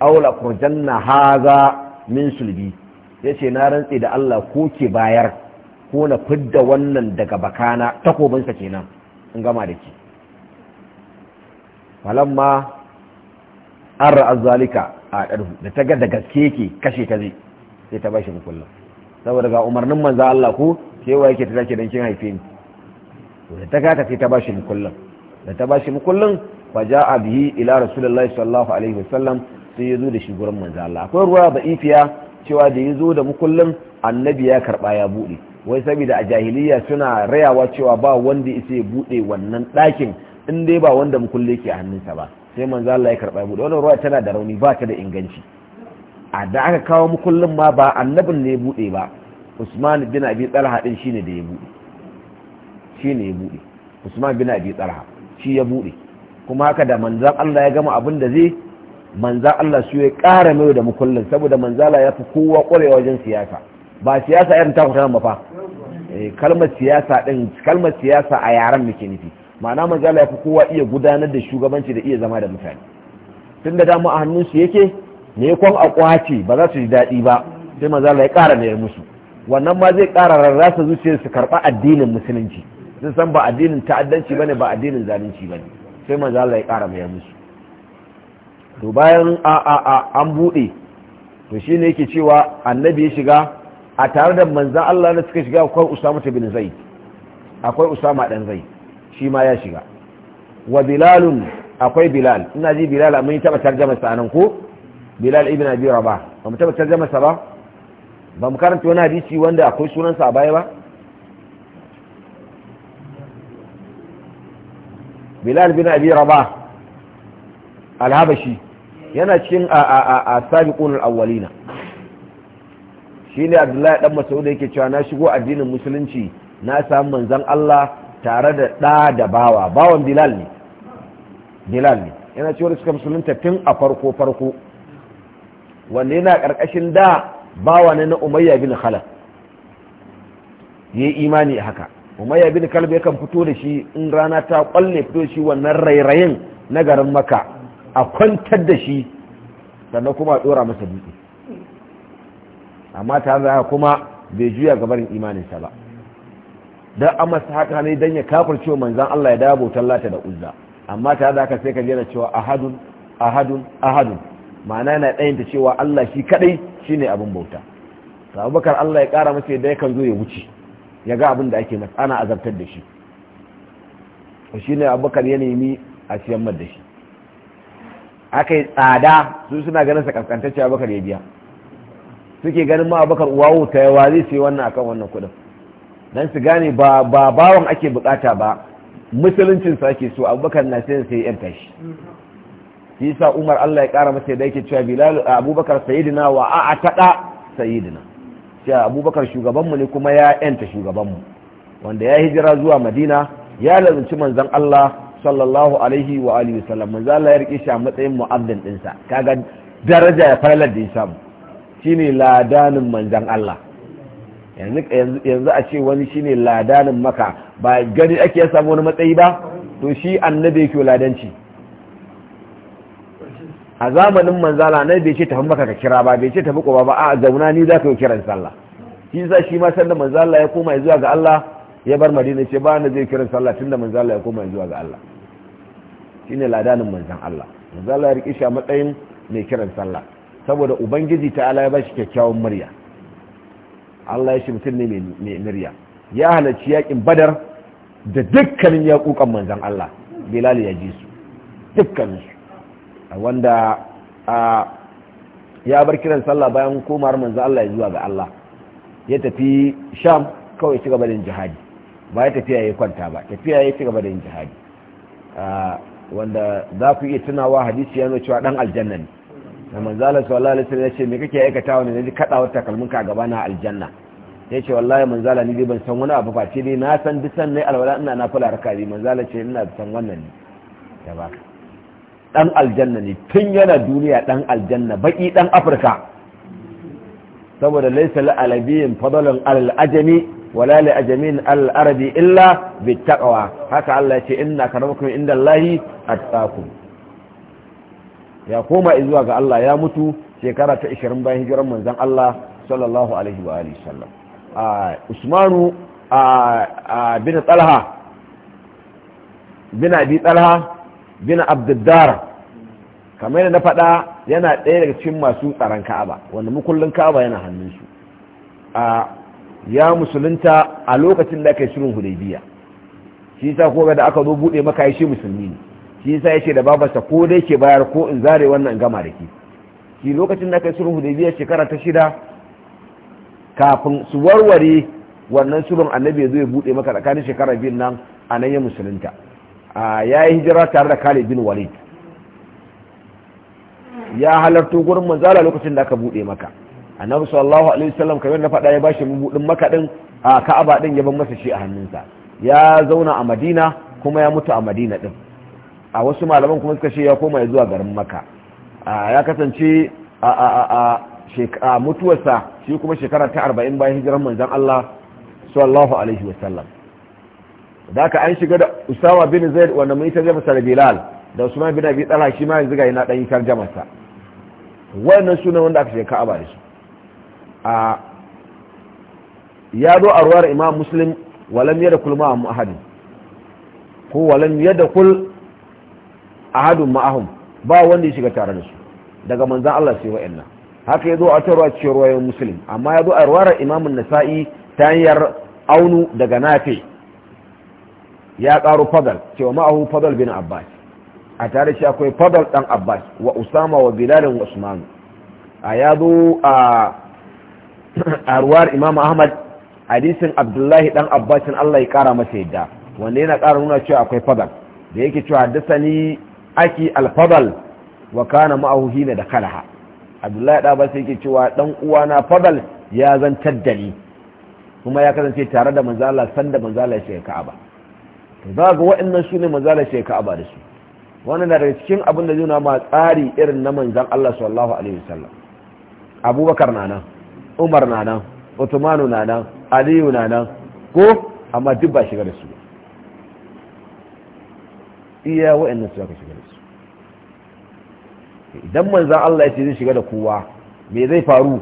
aula kurjanna haza min sulbi yace na rantse da Allah ko ke bayar ko na fidda wannan daga bakana takobinsa kenan in gama da ke falamma an ra'ar a ɗarhu da ta ga da gaske ke kashe ta zai sai ta bashi mukulla saboda ga umarnin manza Allah ko cewa yake ta zake don kin haife ni da ta kata sai ta bashi mukullin da ta bashi mukullin fa ja'a bihi ila rasulullahi sallallahu alaihi wasallam sai ya zo da shi gurin manzo Allah akwai ruwa ifiya cewa da ya zo da mukullin annabi ya karba ya bude wai saboda a jahiliya suna rayawa cewa ba wanda isa ya bude wannan dakin in dai ba wanda mukulle ke a hannunsa ba sai manzo Allah ya karba ya bude wannan ruwa tana da rauni ba ta da inganci a da aka kawo kullum ma ba annabin ne ya bude ba Usman bin Abi Talha din shine da ya bude shine ya bude Usman bin Abi Talha shi ya bude kuma haka da manzon Allah ya gama abin da zai manza Allah su ya ƙara mai da mukullin saboda manzala ya fi kowa ƙwarewa wajen siyasa ba siyasa irin ta kusa ba fa eh, kalmar siyasa din kalmar siyasa a yaran muke nufi ma'ana manzala ya fi kowa iya gudanar da shugabanci da iya zama da mutane tun da dama a hannun su yake ne kwan a kwace ba za su ji daɗi ba sai manzala ya ƙara mayar musu wannan ma zai ƙara rarrasa zuciyar su karɓa addinin musulunci sun san ba addinin ta'addanci bane ba addinin zalunci bane sai manzala ya ƙara mayar musu to bayan a a a an buɗe to shi ne yake cewa annabi ya shiga a tare da manzan Allah na suka shiga akwai usama ta bin zaid akwai usama dan zaid shi ma ya shiga wa bilalun akwai bilal ina ji bilal mun yi taba tarjama sa nan ko bilal ibn abi rabah amma taba tarjama sa ba ba mu karanta wani hadisi wanda akwai sunansa a baya ba bilal bin abi rabah alhabashi yana cikin a a a a sabiqun awalina shi ne Abdullahi masau da yake cewa na shigo addinin musulunci na samu manzan Allah tare da ɗa da bawa bawan Bilal ne Bilal ne yana cewa suka musulunta tun a farko farko wanda yana ƙarƙashin da bawa ne na Umayya bin Khalaf yayi imani haka Umayya bin yakan fito da shi in rana ta ƙwalle fito da shi wannan rairayin na garin maka a kwantar da shi sannan kuma a tsora masa dutse amma tare da haka kuma bai juya gabarin imaninsa ba don an masa haka ne don ya cewa manzan Allah ya dawo bautar lata da uzza amma tare da haka sai ka jera cewa ahadun ahadun ahadun ma'ana yana ɗayanta cewa Allah shi kaɗai shine abin bauta bakar Allah ya ƙara masa yadda yakan zo ya wuce ya ga abin da ake masa ana azabtar da shi shi ne abubakar ya nemi a siyan da shi aka yi tsada su suna ganin sa kaskantacce abubakar ya biya suke ganin ma abubakar uwa ta yawa zai sai wannan akan wannan kudin dan su gane ba ba bawan ake bukata ba musuluncin sa ake so abubakar na sai sai yan tashi shi yasa umar Allah ya kara masa da yake cewa bilal abubakar sayyidina wa a atada sayyidina sai abubakar shugaban mu ne kuma ya yanta shugaban mu wanda ya hijira zuwa madina ya lazunci manzon Allah sallallahu alaihi wa alihi wa sallam manzo Allah ya rike shi a matsayin mu'azzin dinsa kaga daraja ya fara da ya shine ladanin manzon Allah yanzu a ce wani shine ladanin maka ba gani ake samu wani matsayi ba to shi annabi yake ladanci a zamanin manzala na bai ce tafi maka ka kira ba bai ce tafi ko ba a zauna ni za ka yi kiran sallah shi za shi ma sanda manzala ya koma zuwa ga Allah ya bar madina ce ba na zai kiran sallah tunda manzala ya koma zuwa ga Allah shine ladanin manzan Allah manzan Allah ya riƙe shi a matsayin mai kiran sallah saboda ubangiji ta ala ya shi kyakkyawan murya Allah ya shi mutum ne mai murya ya halarci yaƙin badar da dukkanin yakukan manzan Allah bilal ya ji su dukkanin su wanda ya bar kiran sallah bayan komar manzan Allah ya zuwa ga Allah ya tafi sham kawai ci gaba da jihadi ba ya tafiya ya kwanta ba tafiya ya ci gaba da jihadi wanda za ku iya tunawa hadisi ya nuna cewa dan aljanna ne da manzala sallallahu alaihi wasallam yace me kake aikata wani ne kadawar takalmin ka gaba na aljanna yace wallahi manzala ni dai ban san wani abu ce dai na san duk san ne alwala ina na fula rakabi manzala ce ina san wannan ne da ba dan aljanna ne tun yana duniya dan aljanna baki dan afirka saboda laysa al-alabiyyin fadlan al wala a jami'in al arabi illa bit taqwa haka Allah yace inna karamakum inda Allahi attaqu ya koma zuwa ga Allah ya mutu shekara ta 20 bayan hijiran manzon Allah sallallahu alaihi wa alihi sallam Usmanu a bin Talha bin Abi Talha bin Abduddar kamar yadda na faɗa yana ɗaya daga cikin masu tsaron Ka'aba wanda makullin Ka'aba yana hannunsu a ya musulunta a lokacin da aka yi shirin hudaybiya shi yasa ko da aka zo bude maka ya shi musulmi ne shi ya yace da babarsa ko dai ke bayar ko in zare wannan gama da ke shi lokacin da aka yi shirin hudaybiya shekara ta shida kafin su warware wannan shirin annabi ya zo ya bude maka tsakanin shekara biyun nan a nan ya musulunta A ya yi hijira tare da kale bin Walid ya halarto gurin manzala lokacin da aka bude maka annabi sallallahu alaihi wasallam kamar na fada ya bashi mabudin din a ka'aba din ya ban masa shi a hannunsa ya zauna a madina kuma ya mutu a madina din a wasu malaman kuma suka ce ya koma zuwa garin maka ya kasance a mutuwarsa shi kuma shekara ta arba'in bayan hijiran manzan Allah sallallahu alaihi wasallam da aka an shiga da usama bin zaid wanda mun yi tarjamasa da bilal da usman bin abi talha shi ma yanzu ga yana dan yi tarjamasa wannan sunan wanda aka shiga ka'aba da su a ya zo a ruwar imam muslim walam yadda kulma a ma'ahadin ko walam yadda kul ahadun ma'ahun. ba wanda ya shiga tare da su daga manzan Allah sai nan haka ya zo a tarwa cikin ruwayen muslim amma ya zo a ruwar imamun nasa'i ta hanyar aunu daga nafe ya ƙaru fadal cewa ma'ahu fadal bin abbas a tare shi akwai fadal ɗan abbas wa usama wa bilalin wasu a ya zo a a ruwar imam ahmad hadisin abdullahi dan abbasin allah ya kara masa yadda wanda yana kara nuna cewa akwai fadal da yake cewa haddasani aki alfadal wa kana ma'ahu hina da kalaha abdullahi da abbas yake cewa dan uwana fadal ya zantar da ni kuma ya kasance tare da manzo Allah sanda manzo Allah ya shiga Ka'aba to za ga waɗannan su ne manzo ya shiga Ka'aba da su wannan daga cikin abin da zai nuna ma tsari irin na manzon Allah sallallahu alaihi wasallam Abubakar na nan umar na nan otomanu na nan aliyu na nan ko amma duk ba shiga da su iya wa'annan su aka shiga da su idan manzan Allah ya ce zai shiga da kowa me zai faru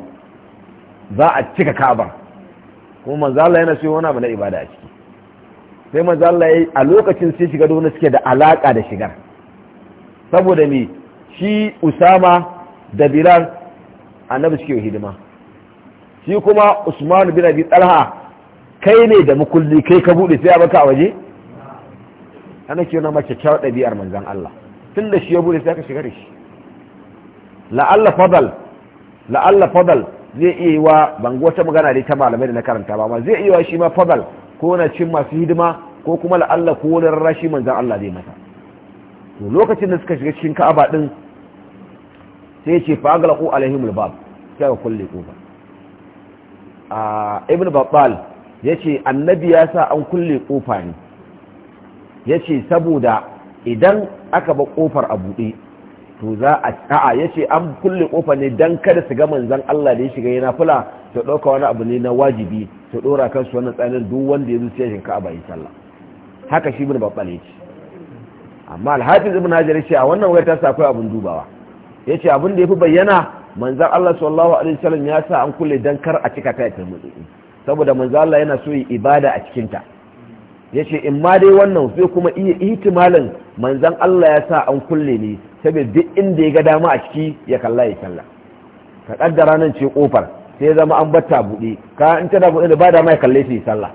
za a cika kaba kuma manzan Allah yana so wani abu na ibada a ciki sai manzan Allah ya a lokacin sai shiga da wani suke da alaka da shigar saboda me shi usama da bilal annabi suke hidima shi kuma usman bin abi talha kai ne da mukulli kai ka bude sai a baka waje ana ce na mace kyau ɗabi'ar manzon Allah tun da shi ya bude sai aka shiga da shi la'alla fadal la'alla fadal zai iya yi wa ban wata magana dai ta malamai da na karanta ba amma zai iya wa shi ma fadal ko na cin masu hidima ko kuma la'alla ko wani rashi manzon Allah zai mata to lokacin da suka shiga cikin ka'aba din sai ya ce fa aghlaqu alaihim Bab sai ka kulle kofa ibn babbal ya ce annabi ya sa an kulle kofa ne ya ce saboda idan aka ba kofar a buɗe to za a a'a ya ce an kulle kofa ne don kada su ga Manzon Allah da ya shiga yana fula to ɗauka wani abu ne na wajibi su ɗora kansu wannan tsanin duk wanda ya zuciya shinka a bayi sallah haka shi ibn babbal ya ce amma alhafiz ibn hajar ya ce a wannan wayar ta sa akwai abin dubawa ya ce abin da ya fi bayyana manzan Allah sallallahu alaihi wasallam ya sa an kulle don kar a cika ta turmutsi saboda manzan Allah yana so yi ibada a cikinta ta yace in ma dai wannan sai kuma iya ihtimalin manzan Allah ya sa an kulle ne saboda duk inda ya ga dama a ciki ya kalla ya kalla ka kaddara nan ce kofar sai zama an batta buɗe ka in tana buɗe da ba da mai kalle shi sallah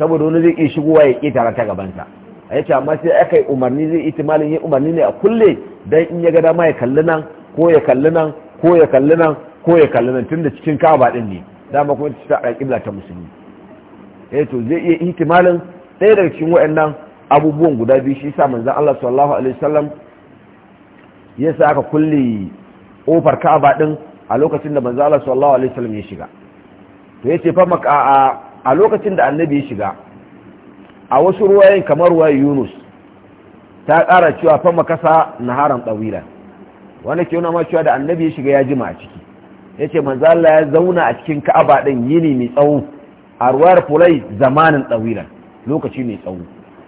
saboda wani zai iya shigowa ya ƙetara ta gabansa a yace amma sai aka yi umarni zai itimalin yi umarni ne a kulle dan in ya ga dama ya kalli nan ko ya kalli nan ko ya kalli nan ko ya kalli nan tunda cikin kaba din ne dama kuma ta kibla ta musulmi eh to zai iya ihtimalin ɗaya daga cikin wayannan abubuwan guda biyu shi sa manzon Allah sallallahu alaihi wasallam ya sa aka kulle ƙofar ka'aba din a lokacin da manzon Allah sallallahu alaihi wasallam ya shiga to yace fa maka a lokacin da annabi ya shiga a wasu ruwayoyin kamar ruwayar Yunus ta ƙara cewa fa makasa naharan tsawilan wanda ke nuna cewa da annabi ya shiga ya jima a ciki ya ce manzala ya zauna a cikin ka'aba ɗin yini mai tsawo a ruwar fulai zamanin tsawilan lokaci mai tsawo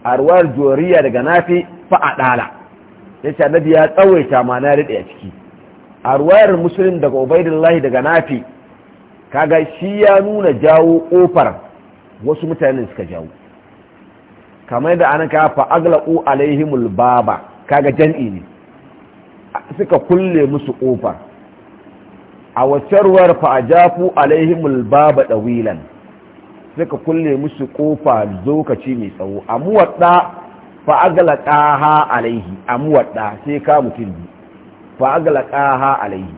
a ruwar joriya daga nafi fa a ɗala. ya ce annabi ya tsawaita ma na riɗe a ciki a ruwar musulun daga ubaidillahi daga nafi kaga shi ya nuna jawo ƙofar wasu mutanen suka jawo kamar da an ka fa aglaqu alaihimul baba kaga jan'i ne suka kulle musu ƙofa a wacarwar fa'ajafu alaihimul baba ɗawilan suka kulle musu ƙofa lokaci mai tsawo amuwadda fa'agalaqaha alaihi amuwadda sai ka mutum bi fa'agalaqaha alaihi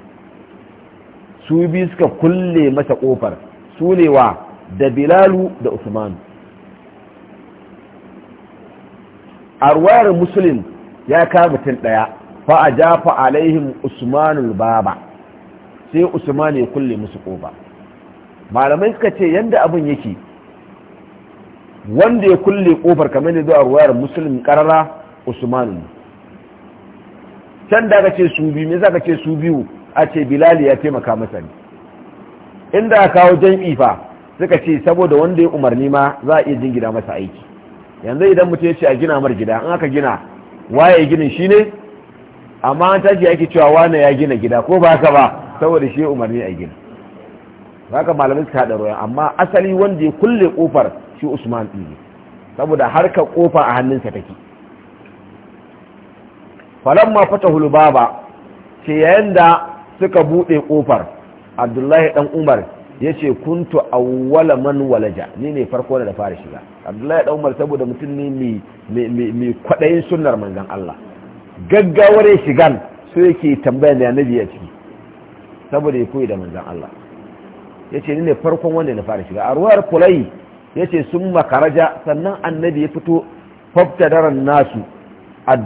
su bi suka kulle masa ƙofar su ne wa da bilalu da Usman. a ruwayar musulun ya ka mutum ɗaya fa jafa alaihim usmanul baba sai usman ya kulle musu kofa malamai suka ce yadda abin yake wanda ya kulle kofar kamar ne zuwa ruwayar musulun karara usman can da aka ce su biyu me zaka ce su biyu a ce bilali ya taimaka masa ne inda aka kawo jan ifa, suka ce saboda wanda ya umarni ma za a iya gida masa aiki yanzu idan mutum ya ce a gina mar gida in aka gina waye ginin shi ne amma an tashi ake cewa wane ya gina gida ko ba haka ba saboda shi umarni a gina haka malamai su haɗa ruwa amma asali wanda ya kulle kofar shi usman ɗin saboda harka kofa a hannunsa take ma fata hulubaba ce yayin da suka buɗe kofar abdullahi ɗan umar ya ce kuntu awwala man walaja ni ne farko da fara shiga abdullahi ɗan umar saboda mutum ne mai kwaɗayin sunnar manzan allah gaggawar shigan so yake tambaya da annabi ya ciki saboda ya koyi da manzan Allah ya ce ne farkon wanda na fara shiga a ruwar kulai ya ce sun makaraja sannan annabi ya fito daren nasu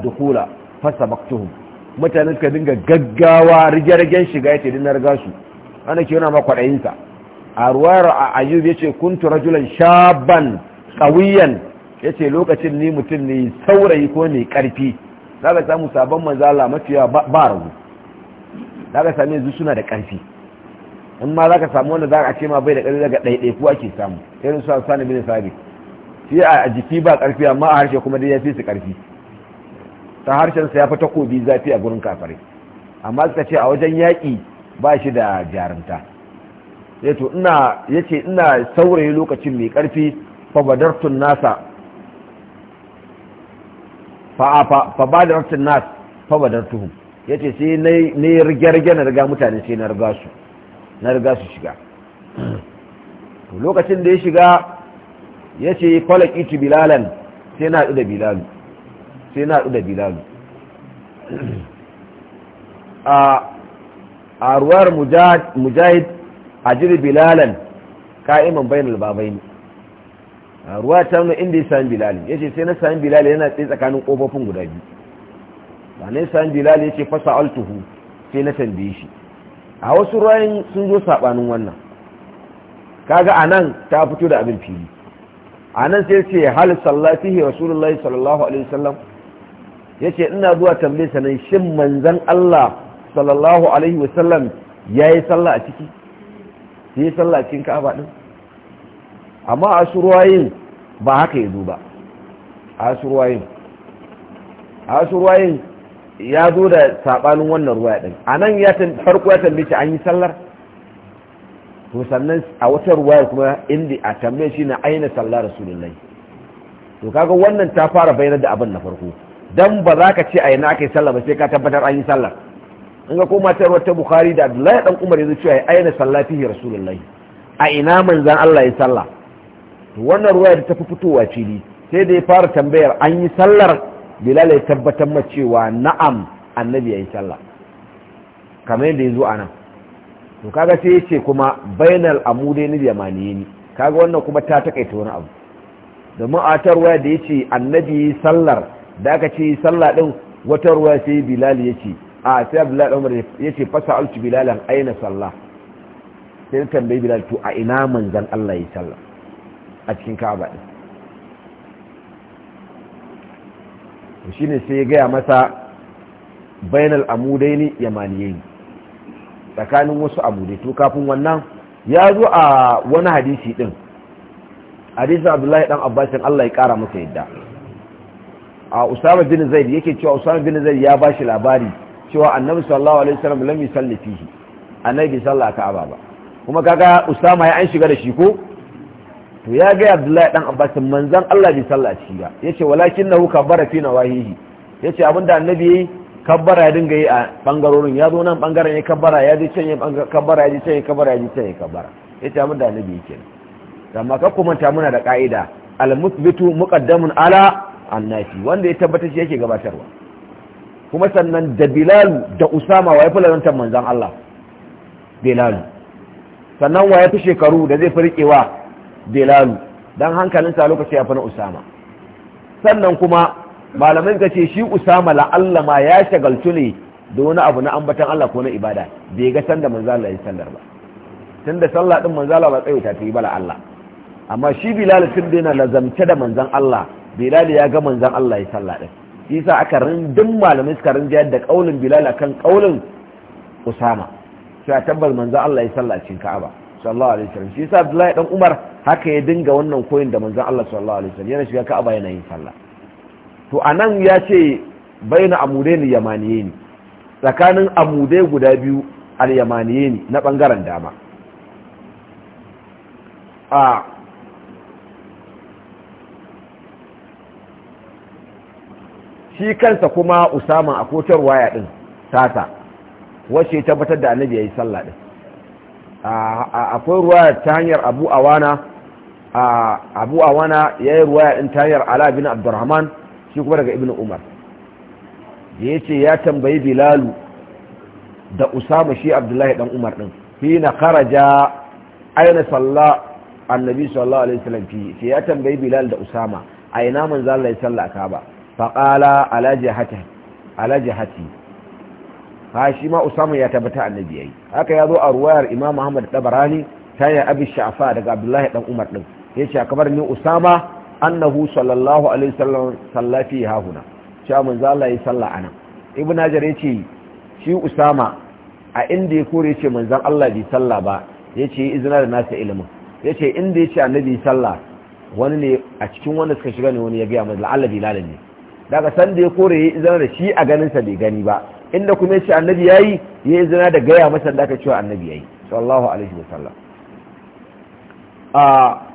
dukula fasa maktuhum mutane suka dinga gaggawa rige-rigen shiga ya ce dinar gasu ana ke yana makwaɗayinsa a ruwar a ayyub ya ce tura julan shaban ƙawiyan ya ce lokacin ni mutum ne saurayi ko ne ƙarfi zaka samu sabon manzala mafiya ba ragu zaka sami yanzu suna da ƙarfi in ma ka samu wanda zaka ce ma bai da ƙarfi daga ɗaiɗai ko ke samu irin su sani bin sabi shi a jiki ba ƙarfi amma a harshe kuma dai ya fi su ƙarfi ta harshen sa ya fi takobi zafi a gurin kafare amma suka ce a wajen yaƙi ba shi da jarumta yato ina yace ina saurayi lokacin mai ƙarfi fa badartun nasa fa ba da rattun nas fa badartuhum ya ce sai na yi rigyar-rigyar na riga mutane sai na riga su na riga su shiga lokacin da ya shiga ya ce falaki bilalan sai na haɗu da bilalu sai na haɗu da bilalu a ruwar mujahid a jiri bilalan ka'iman bayan albabai ne. ruwa ta nuna inda ya sami bilali, ya ce sai na sami bilali yana tsaye tsakanin ƙofofin guda biyu ba na sami bilali ya ce fasa altuhu sai na tambaye shi a wasu ruwayen sun zo saɓanin wannan kaga a nan ta fito da abin fili a nan sai ce hal sallatihi rasulullahi sallallahu alaihi wasallam ya ce ina zuwa tambaye nan shin manzan allah sallallahu alaihi wasallam ya yi sallah a ciki ya yi sallah a cikin ka'aba ɗin amma a surwayin ba haka ya zo ba a a ya zo da sabanin wannan ruwa ɗin a nan ya farko ya tambaye an yi sallar to sannan a wata ruwa kuma inda a tambaye shi na aina sallar rasulullahi to kaga wannan ta fara bayyana da abin na farko dan ba za ka ce a yana aka yi sallar ba sai ka tabbatar an yi sallar in ga koma ta ta bukari da abdullahi dan umar ya yanzu cewa aina sallatihi rasulullahi a ina manzan allah ya sallah to wannan ruwa da ta fi fitowa fili sai da ya fara tambayar an yi sallar bilal ya tabbatar ma cewa na'am annabi ya yi sallah kamar yadda ya zo a nan to kaga sai ya ce kuma bainal amude ni yamaniye ni kaga wannan kuma ta takaita wani abu domin a ta ruwa da ya ce annabi ya yi sallar da aka ce sallah din wata ruwa sai bilal ya ce a sai bilal umar ya ce fasa alci an aina sallah sai tambayi bilal to a ina manzan allah ya yi sallah a cikin ka'aba din ne sai ya gaya masa bainal amudaini yamaniyai tsakanin wasu amudai to kafin wannan ya zo a wani hadisi din hadisi abdullahi dan abbasin Allah ya kara masa yadda a usama bin zaid yake cewa usama bin zaid ya bashi labari cewa annabi sallallahu alaihi wasallam lam yusalli fihi annabi sallallahu ka'aba ba kuma kaga usama ya an shiga da shi ko to ya ga Abdullahi dan Abbas manzan Allah bai sallah shi ba yace nahu kabbara fi nawahihi yace abinda annabi yayi kabbara ya dinga yi a bangarorin ya zo nan bangaren ya kabbara ya ji can ya kabbara ya ji can ya kabbara ya ji can ya kabbara yace abinda annabi yake amma ka kuma ta muna da ka'ida al-musbitu muqaddamun ala annafi wanda ya tabbata shi yake gabatarwa kuma sannan da bilal da usama wa ya fi manzan Allah bilal sannan wa ya fi shekaru da zai fi riƙewa bilalu dan hankalinsa lokaci ya fi na usama sannan kuma malamin ka ce shi usama la'alla ma ya shagaltu ne da wani abu na ambatan Allah ko na ibada bai ga sanda manzo Allah ya sallar ba tunda sallah din manzo Allah ba tsaye ta yi bala Allah amma shi bilal tun da yana lazamce da manzon Allah bilal ya ga manzon Allah ya sallah din sa aka rindin malamai suka rinjayar da kaulin bilal akan kaulin usama sai tabbas manzan Allah ya sallah cikin Ka'aba sallallahu alaihi wasallam shi sa Abdullahi dan Umar haka ya dinga wannan koyin da manzan Allah sallallahu alaihi wasallam yana shiga Ka'aba yana yin sallah to a nan ya ce bai ni yamaniye ni tsakanin amude guda biyu al ni na bangaren dama a shi kansa kuma usama a kotar waya din tata wacce ya tabbatar da annabi ya yi sallah din akwai ruwa ta hanyar abu awana abu awana ya yi ruwaya ɗin tayar ala bin abdurrahman shi kuma daga ibn umar da ya ce ya tambayi bilalu da usama shi abdullahi dan umar ɗin fi na karaja aina salla annabi sallallahu alaihi wasallam fi ce ya tambayi bilal da usama a ina man zalla ya salla ka ba faƙala ala jihati ala jihati ha shi ma usama ya tabbata annabi yayi haka ya zo a ruwayar imam ahmad tabarani ta yi abin sha'afa daga abdullahi dan umar ɗin yace ni usama annahu sallallahu alaihi wasallam sallati hahuna cewa manzo Allah ya salla anan ibn hajar ce shi usama a inda ya kore mun zan Allah bi salla ba yace izina da nasa ilimin yace inda ya ce annabi salla wani ne a cikin wanda suka shiga ne wani ya gaya manzo Allah lalin ne daga san da ya kore ya izina da shi a ganin sa bai gani ba inda kuma ya ce annabi ya yi izina da gaya masa da aka cewa annabi yi sallallahu alaihi wasallam ah,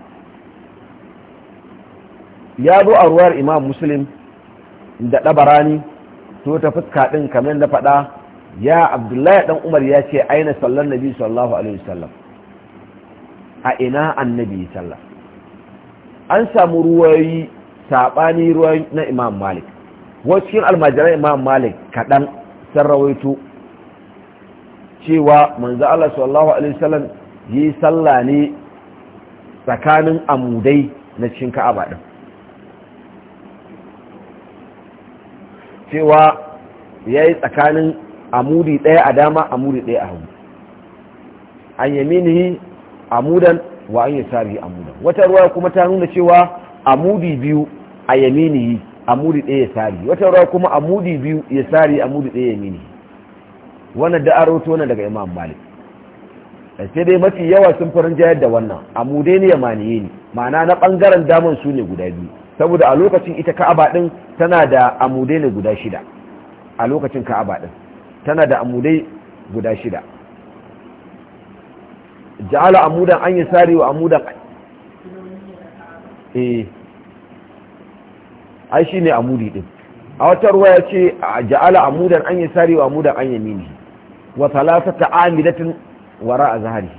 ya zo a ruwar imam muslim da ɗabarani to ta fuska ɗin kamar da faɗa ya abdullahi ɗan umar ya ce aina sallar nabi Sallahu alaihi sallam? a ina annabi sallah an samu ruwayi saɓani ruwayi na imam malik wasu cikin almajiran imam malik kaɗan sun rawaito cewa manzo Allah sallallahu alaihi wasallam yi sallah ne tsakanin amudai na cikin Ka'aba din cewa ya yi tsakanin amudi ɗaya a dama amudi ɗaya a hagu an yaminihi amudan wa an sari amudan wata ruwa kuma ta nuna cewa amudi biyu a yaminihi amudi ɗaya ya sari. wata ruwa kuma amudi biyu ya sari amudi ɗaya yaminihi wannan da aroto wannan daga imam malik sai dai mafi yawa sun farin jayar da wannan amudai ne yamaniye ne ma'ana na ɓangaren daman su ne guda biyu saboda a lokacin ita ka'aba din tana da amudai ne guda shida a lokacin ka'aba din tana da amudai guda shida ja'ala amudan an yi sari wa amudan eh ai shine amudi din a wata ruwa ya ce ja'ala amudan an yi sari wa amudan an yamini wa talatata amidatin wara a zahari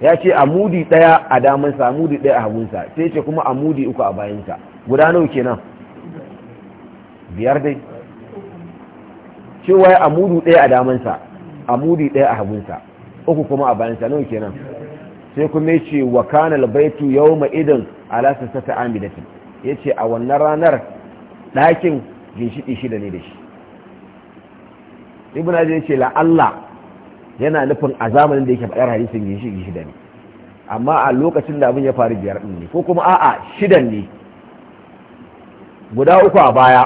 ya ce amudi daya a damansa amudi daya a hagunsa sai ce kuma amudi uku a bayansa guda ke nan biyar dai cewa ya amudu daya a damansa amudi daya a hagunsa uku kuma a bayansa ke nan? sai kuma ya ce wa kanal baitu yawma idan ala sassata amidatin ya ce a wannan ranar ɗakin ginshiɗi shida ne da shi ibn ajiyar ce la'alla yana nufin a zamanin da yake bayar hadisin gishi gishi da ne amma a lokacin da abin ya faru biyar ɗin ne ko kuma a'a shidan ne guda uku a baya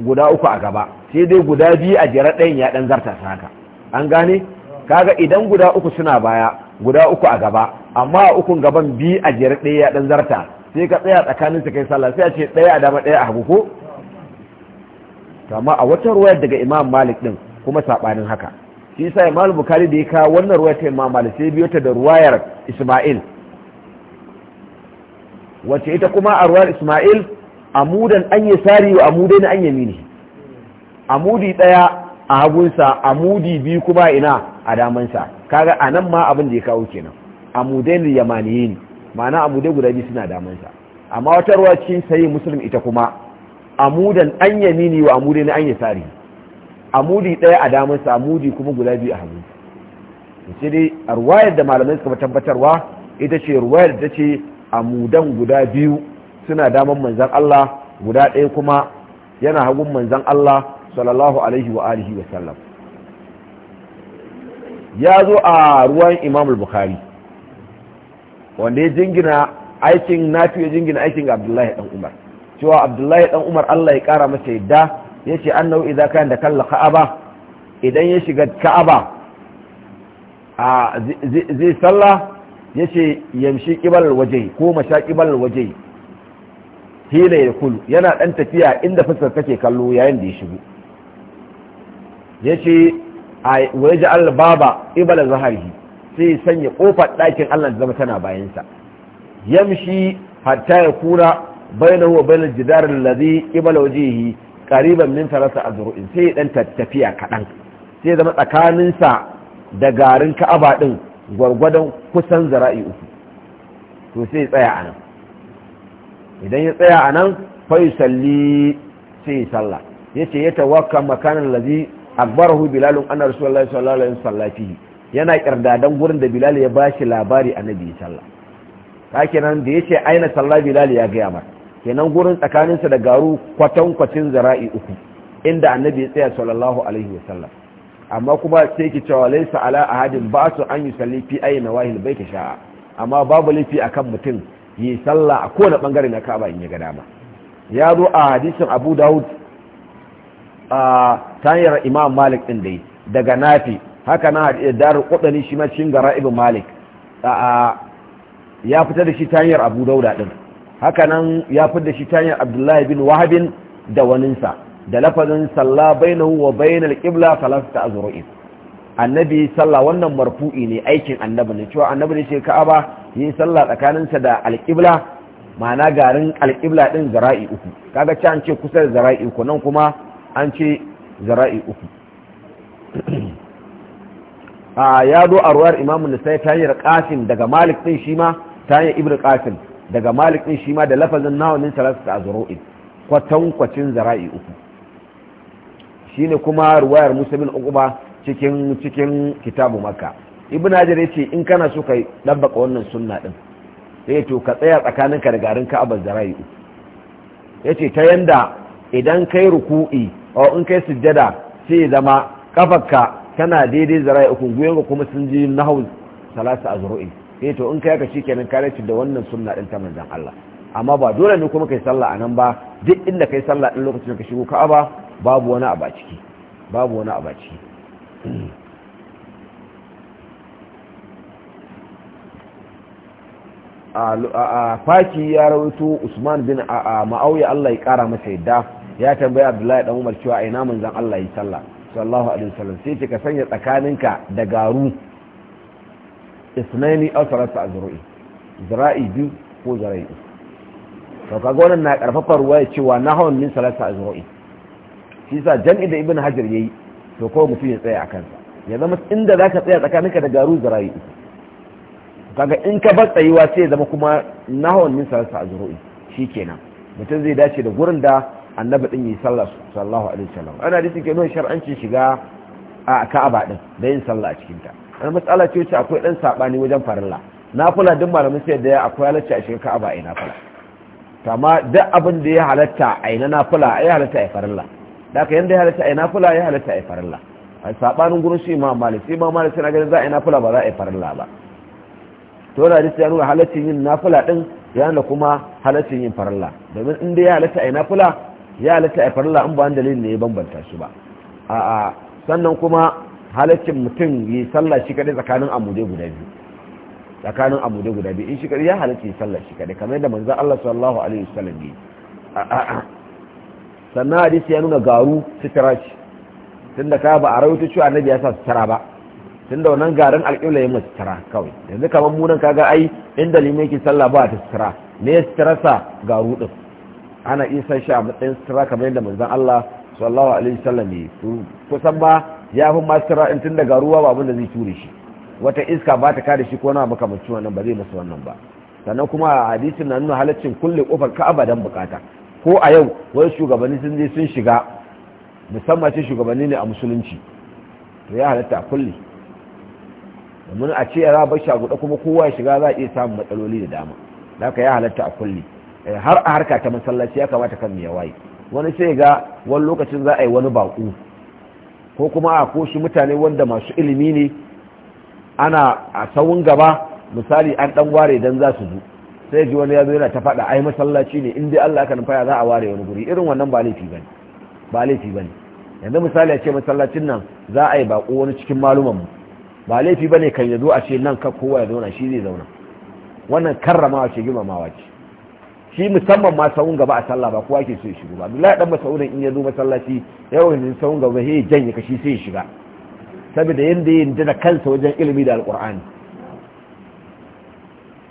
guda uku a gaba sai dai guda biyu a jere ɗayan ya ɗan zarta ta haka an gane kaga idan guda uku suna baya guda uku a gaba amma a ukun gaban biyu a jere ɗaya ya ɗan zarta sai ka tsaya tsakanin su kai sallah sai a ce ɗaya a dama ɗaya a hagu ko amma a wata ruwayar daga imam malik ɗin kuma saɓanin haka shi yasa imam bukari da ya kawo wannan ruwaya ta imam malik sai biyo ta da ruwayar isma'il wacce ita kuma a ruwayar isma'il amudan an yi sari wa amudai na an mini amudi daya a hagunsa amudi biyu kuma ina a damansa kaga a nan ma abin da ya kawo kenan amudai da yamaniyin ma'ana amudai guda biyu suna damansa amma wata ruwa cikin sayi musulun ita kuma amudan an mini wa amudai na an yi sari amudi ɗaya a damansa mudi kuma guda biyu a hagu sai dai a ruwayar da malamai suka tabbatarwa ita ce ruwayar da ce amudan guda biyu suna damar manzan Allah guda ɗaya kuma yana hagun manzan Allah sallallahu alaihi wa alihi wa sallam ya zo a ruwan imam bukhari wanda ya jingina aikin nafi ya jingina aikin abdullahi dan umar cewa abdullahi dan umar Allah ya kara masa yadda yace annahu idza kayan da kalla ka'aba idan ya shiga ka'aba a zai salla yace yamshi qibal waje ko mashaqibal waje hila ya kulu yana dan tafiya inda fuskar kake kallo yayin da ya shigo yace a waje albaba baba qibal sai sai sanya kofar ɗakin Allah zama tana bayansa yamshi hatta ya kura bainahu wa bainal jidar alladhi qibala wajhihi ƙariban min a zuru'in sai ɗan tafiya kaɗan. sai zama tsakaninsa da garin ka'aba ɗin gwargwadon kusan zara'i uku to sai tsaya a nan idan ya tsaya a nan fai salli sai salla ya ce ya tawaka makanan lazi akbarahu bilalun ana rasulallah sallallahu alaihi sallafihi yana kirdadan gurin da bilal ya ba shi labari annabi sallah nan da ya ce aina salla bilal ya gaya mara. kenan gurin tsakaninsa da garu kwatankwacin zara'i uku inda annabi ya tsaya sallallahu alaihi wasallam amma kuma sai ki cewa laisa ala ahadin ba su an yusalli fi ayi nawahil bai ta sha'a amma babu laifi akan mutum yi sallah a kowane bangare na ka'aba in ya ga dama ya zo a hadisin abu dawud a tayar imam malik din dai daga nafi haka na dar kudani shi ma cikin gara'ib malik ya fita da shi tayar abu dauda din hakanan ya fidda shi ta hanyar abdullahi bin wahabin da waninsa da lafazin salla bainahu wa bainal qibla ta azru'in annabi salla wannan marfu'i ne aikin annabi ne cewa annabi ne ce ka'aba yin salla tsakaninsa da alqibla ma'ana garin alqibla din zara'i uku kaga ce an ce kusa da zara'i uku nan kuma an ce zara'i uku a ah, ya zo a ruwar imamu nisai ta hanyar qasim daga malik din shi ma ta hanyar ibnu qasim daga malik din shi ma da lafazin nawamin salasa kwatan kwacin zara'i uku shine kuma ruwayar musulmin uquba cikin cikin kitabu makka ibn hajar yace in kana so kai dabbaka wannan sunna din sai to ka tsaya tsakanin ka da garin ka'aba zara'i uku yace ta yanda idan kai ruku'i ko in kai sujjada sai zama kafarka tana daidai zara'i uku guyen kuma sun ji nahwu salasa azru'in eh to in kai ka kenan ka race da wannan sunna din ta manzon Allah amma ba dole ne kuma kai sallah anan ba duk inda kai sallah din lokacin da ka shigo Ka'aba babu wani a ciki babu wani abu a ciki a faki ya rawaito Usman bin Ma'awiya Allah ya kara masa yadda ya tambaya Abdullahi dan Umar cewa ina manzon Allah yi sallah sallallahu alaihi wasallam sai ka sanya tsakaninka da garu isnaini aw salatu azru'i zira'i biyu ko zira'i to kaga wannan na karfafa ya cewa na nahwan min a azru'i shi yasa jam'i da ibn hajar yayi to kawai mutum ya tsaya a kansa ya zama inda ka tsaya tsakaninka da garu zira'i kaga in ka bar tsayuwa sai ya zama kuma na nahwan min salatu shi kenan. mutum zai dace da gurin da annabi din yi sallah sallallahu alaihi wasallam ana disi ke nuna shar'ancin shiga a ka'aba din da yin sallah a cikin ta wani matsala ce ce akwai ɗan saɓani wajen farilla nafula duk malamin sai da ya akwai halarci a ka ka'aba a yi nafula kama duk abin da ya halatta a yi na nafula yi halatta a yi farilla da aka yanda ya halatta a yi nafula ya halatta a yi farilla a saɓanin gurin shi ma malik shi ma malik sai na ganin za a yi nafula ba za a yi farilla ba to da hadisi ya nuna halaccin yin nafula din ya nuna kuma halaccin yin farilla domin in dai ya halatta a yi nafula ya halatta a yi farilla in ba wani dalilin ne ya bambanta shi ba a'a sannan kuma halaccin mutum yi sallah shi kaɗai tsakanin amude guda biyu tsakanin amude guda biyu in shi kaɗai ya halacci yi sallah shi kaɗai kamar yadda manzan Allah sallallahu alaihi wasallam yi sannan hadisi ya nuna garu sutura ce da kawai ba a rawuta cewa annabi ya sa sutura ba tun da wannan garin alƙibla ya mace sutura kawai yanzu kamar munan kaga ai inda limai ke sallah ba ta sutura ne ya sa garu din ana isa shi a matsayin sitira kamar yadda manzan Allah sallallahu alaihi wasallam yi kusan ba ya fi masara in tun daga ruwa ba abin da zai ture shi wata iska ba ta kada shi ko na makamancin wannan ba zai masa wannan ba sannan kuma a hadisin na nuna halaccin kulle kofar ka'aba dan bukata ko a yau wani shugabanni sun je sun shiga musamman ce shugabanni ne a musulunci to ya halatta a kulle domin a ce bashi a shaguɗa kuma kowa ya shiga za a iya samun matsaloli da dama da haka ya halatta a kulle eh, har a harka ta masallaci ya kamata kan ya waye wani sai ga wani lokacin za a yi wani baƙo ko kuma a koshi mutane wanda masu ilimi ne ana a tsawon gaba misali an dan ware dan za su zo sai ji wani ya zo yana ta faɗa ai masallaci ne in dai Allah aka nufa za a ware wani guri irin wannan ba laifi bane ba laifi bane yanzu misali a ce masallacin nan za a yi bako wani cikin maluman mu ba laifi bane kan ya zo a ce nan ka kowa ya zauna shi zai zauna wannan karramawa ce girmamawa ce shi musamman ma sahun gaba a sallah ba kowa ke so ya shigo ba Abdullahi dan Mas'ud in ya zo masallaci yawan sahun gaba sai ya janye kashi sai ya shiga saboda yanda yin da kansa wajen ilimi da alqur'ani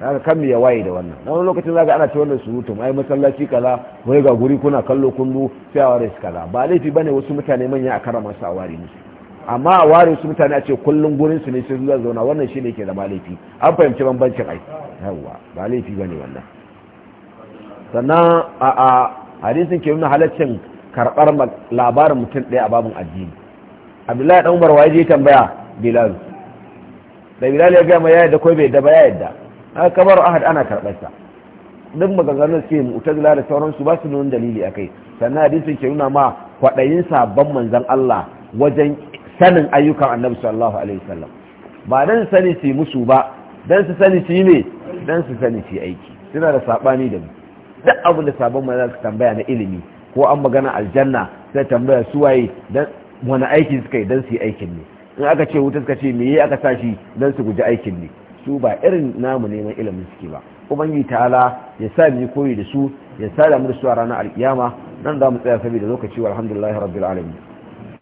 haka kan ya waye da wannan na wani lokacin zaka ana ce wannan surutu ai masallaci kaza wai ga guri kuna kallo kundu sai a ware kaza ba laifi bane wasu mutane manya a karama su a ware musu amma a ware su mutane a ce kullun gurin su ne sai zuwa zauna wannan shine yake da laifi an fahimci bambancin ai yawa ba laifi bane wannan sannan a hadisin ke nuna halaccin karɓar labarin mutum ɗaya a babin addini abdullahi ɗan umar waje tambaya bilal da bilal ya gama ya yadda ko bai da ba ya yadda a kamar ahad ana sa duk maganganun suke zila da sauransu ba su nuna dalili a kai sannan hadisin ke nuna ma kwaɗayin sabon manzan Allah wajen sanin ayyukan annabi sallallahu alaihi wasallam ba dan sani su yi musu ba dan su sani su yi ne dan su sani su yi aiki suna da saɓani da mu duk abin da sabon mai za su tambaya na ilimi ko an magana aljanna sai tambaya su waye dan wani aiki suka yi dan su yi aikin ne in aka ce wuta suka ce me yi aka tashi dan su guji aikin ne su ba irin namu neman ilimin suke ba ubangiji ta'ala ya sa mu koyi da su ya sa da mu da su a ranar alkiyama nan za mu tsaya saboda lokaci wa rabbil alamin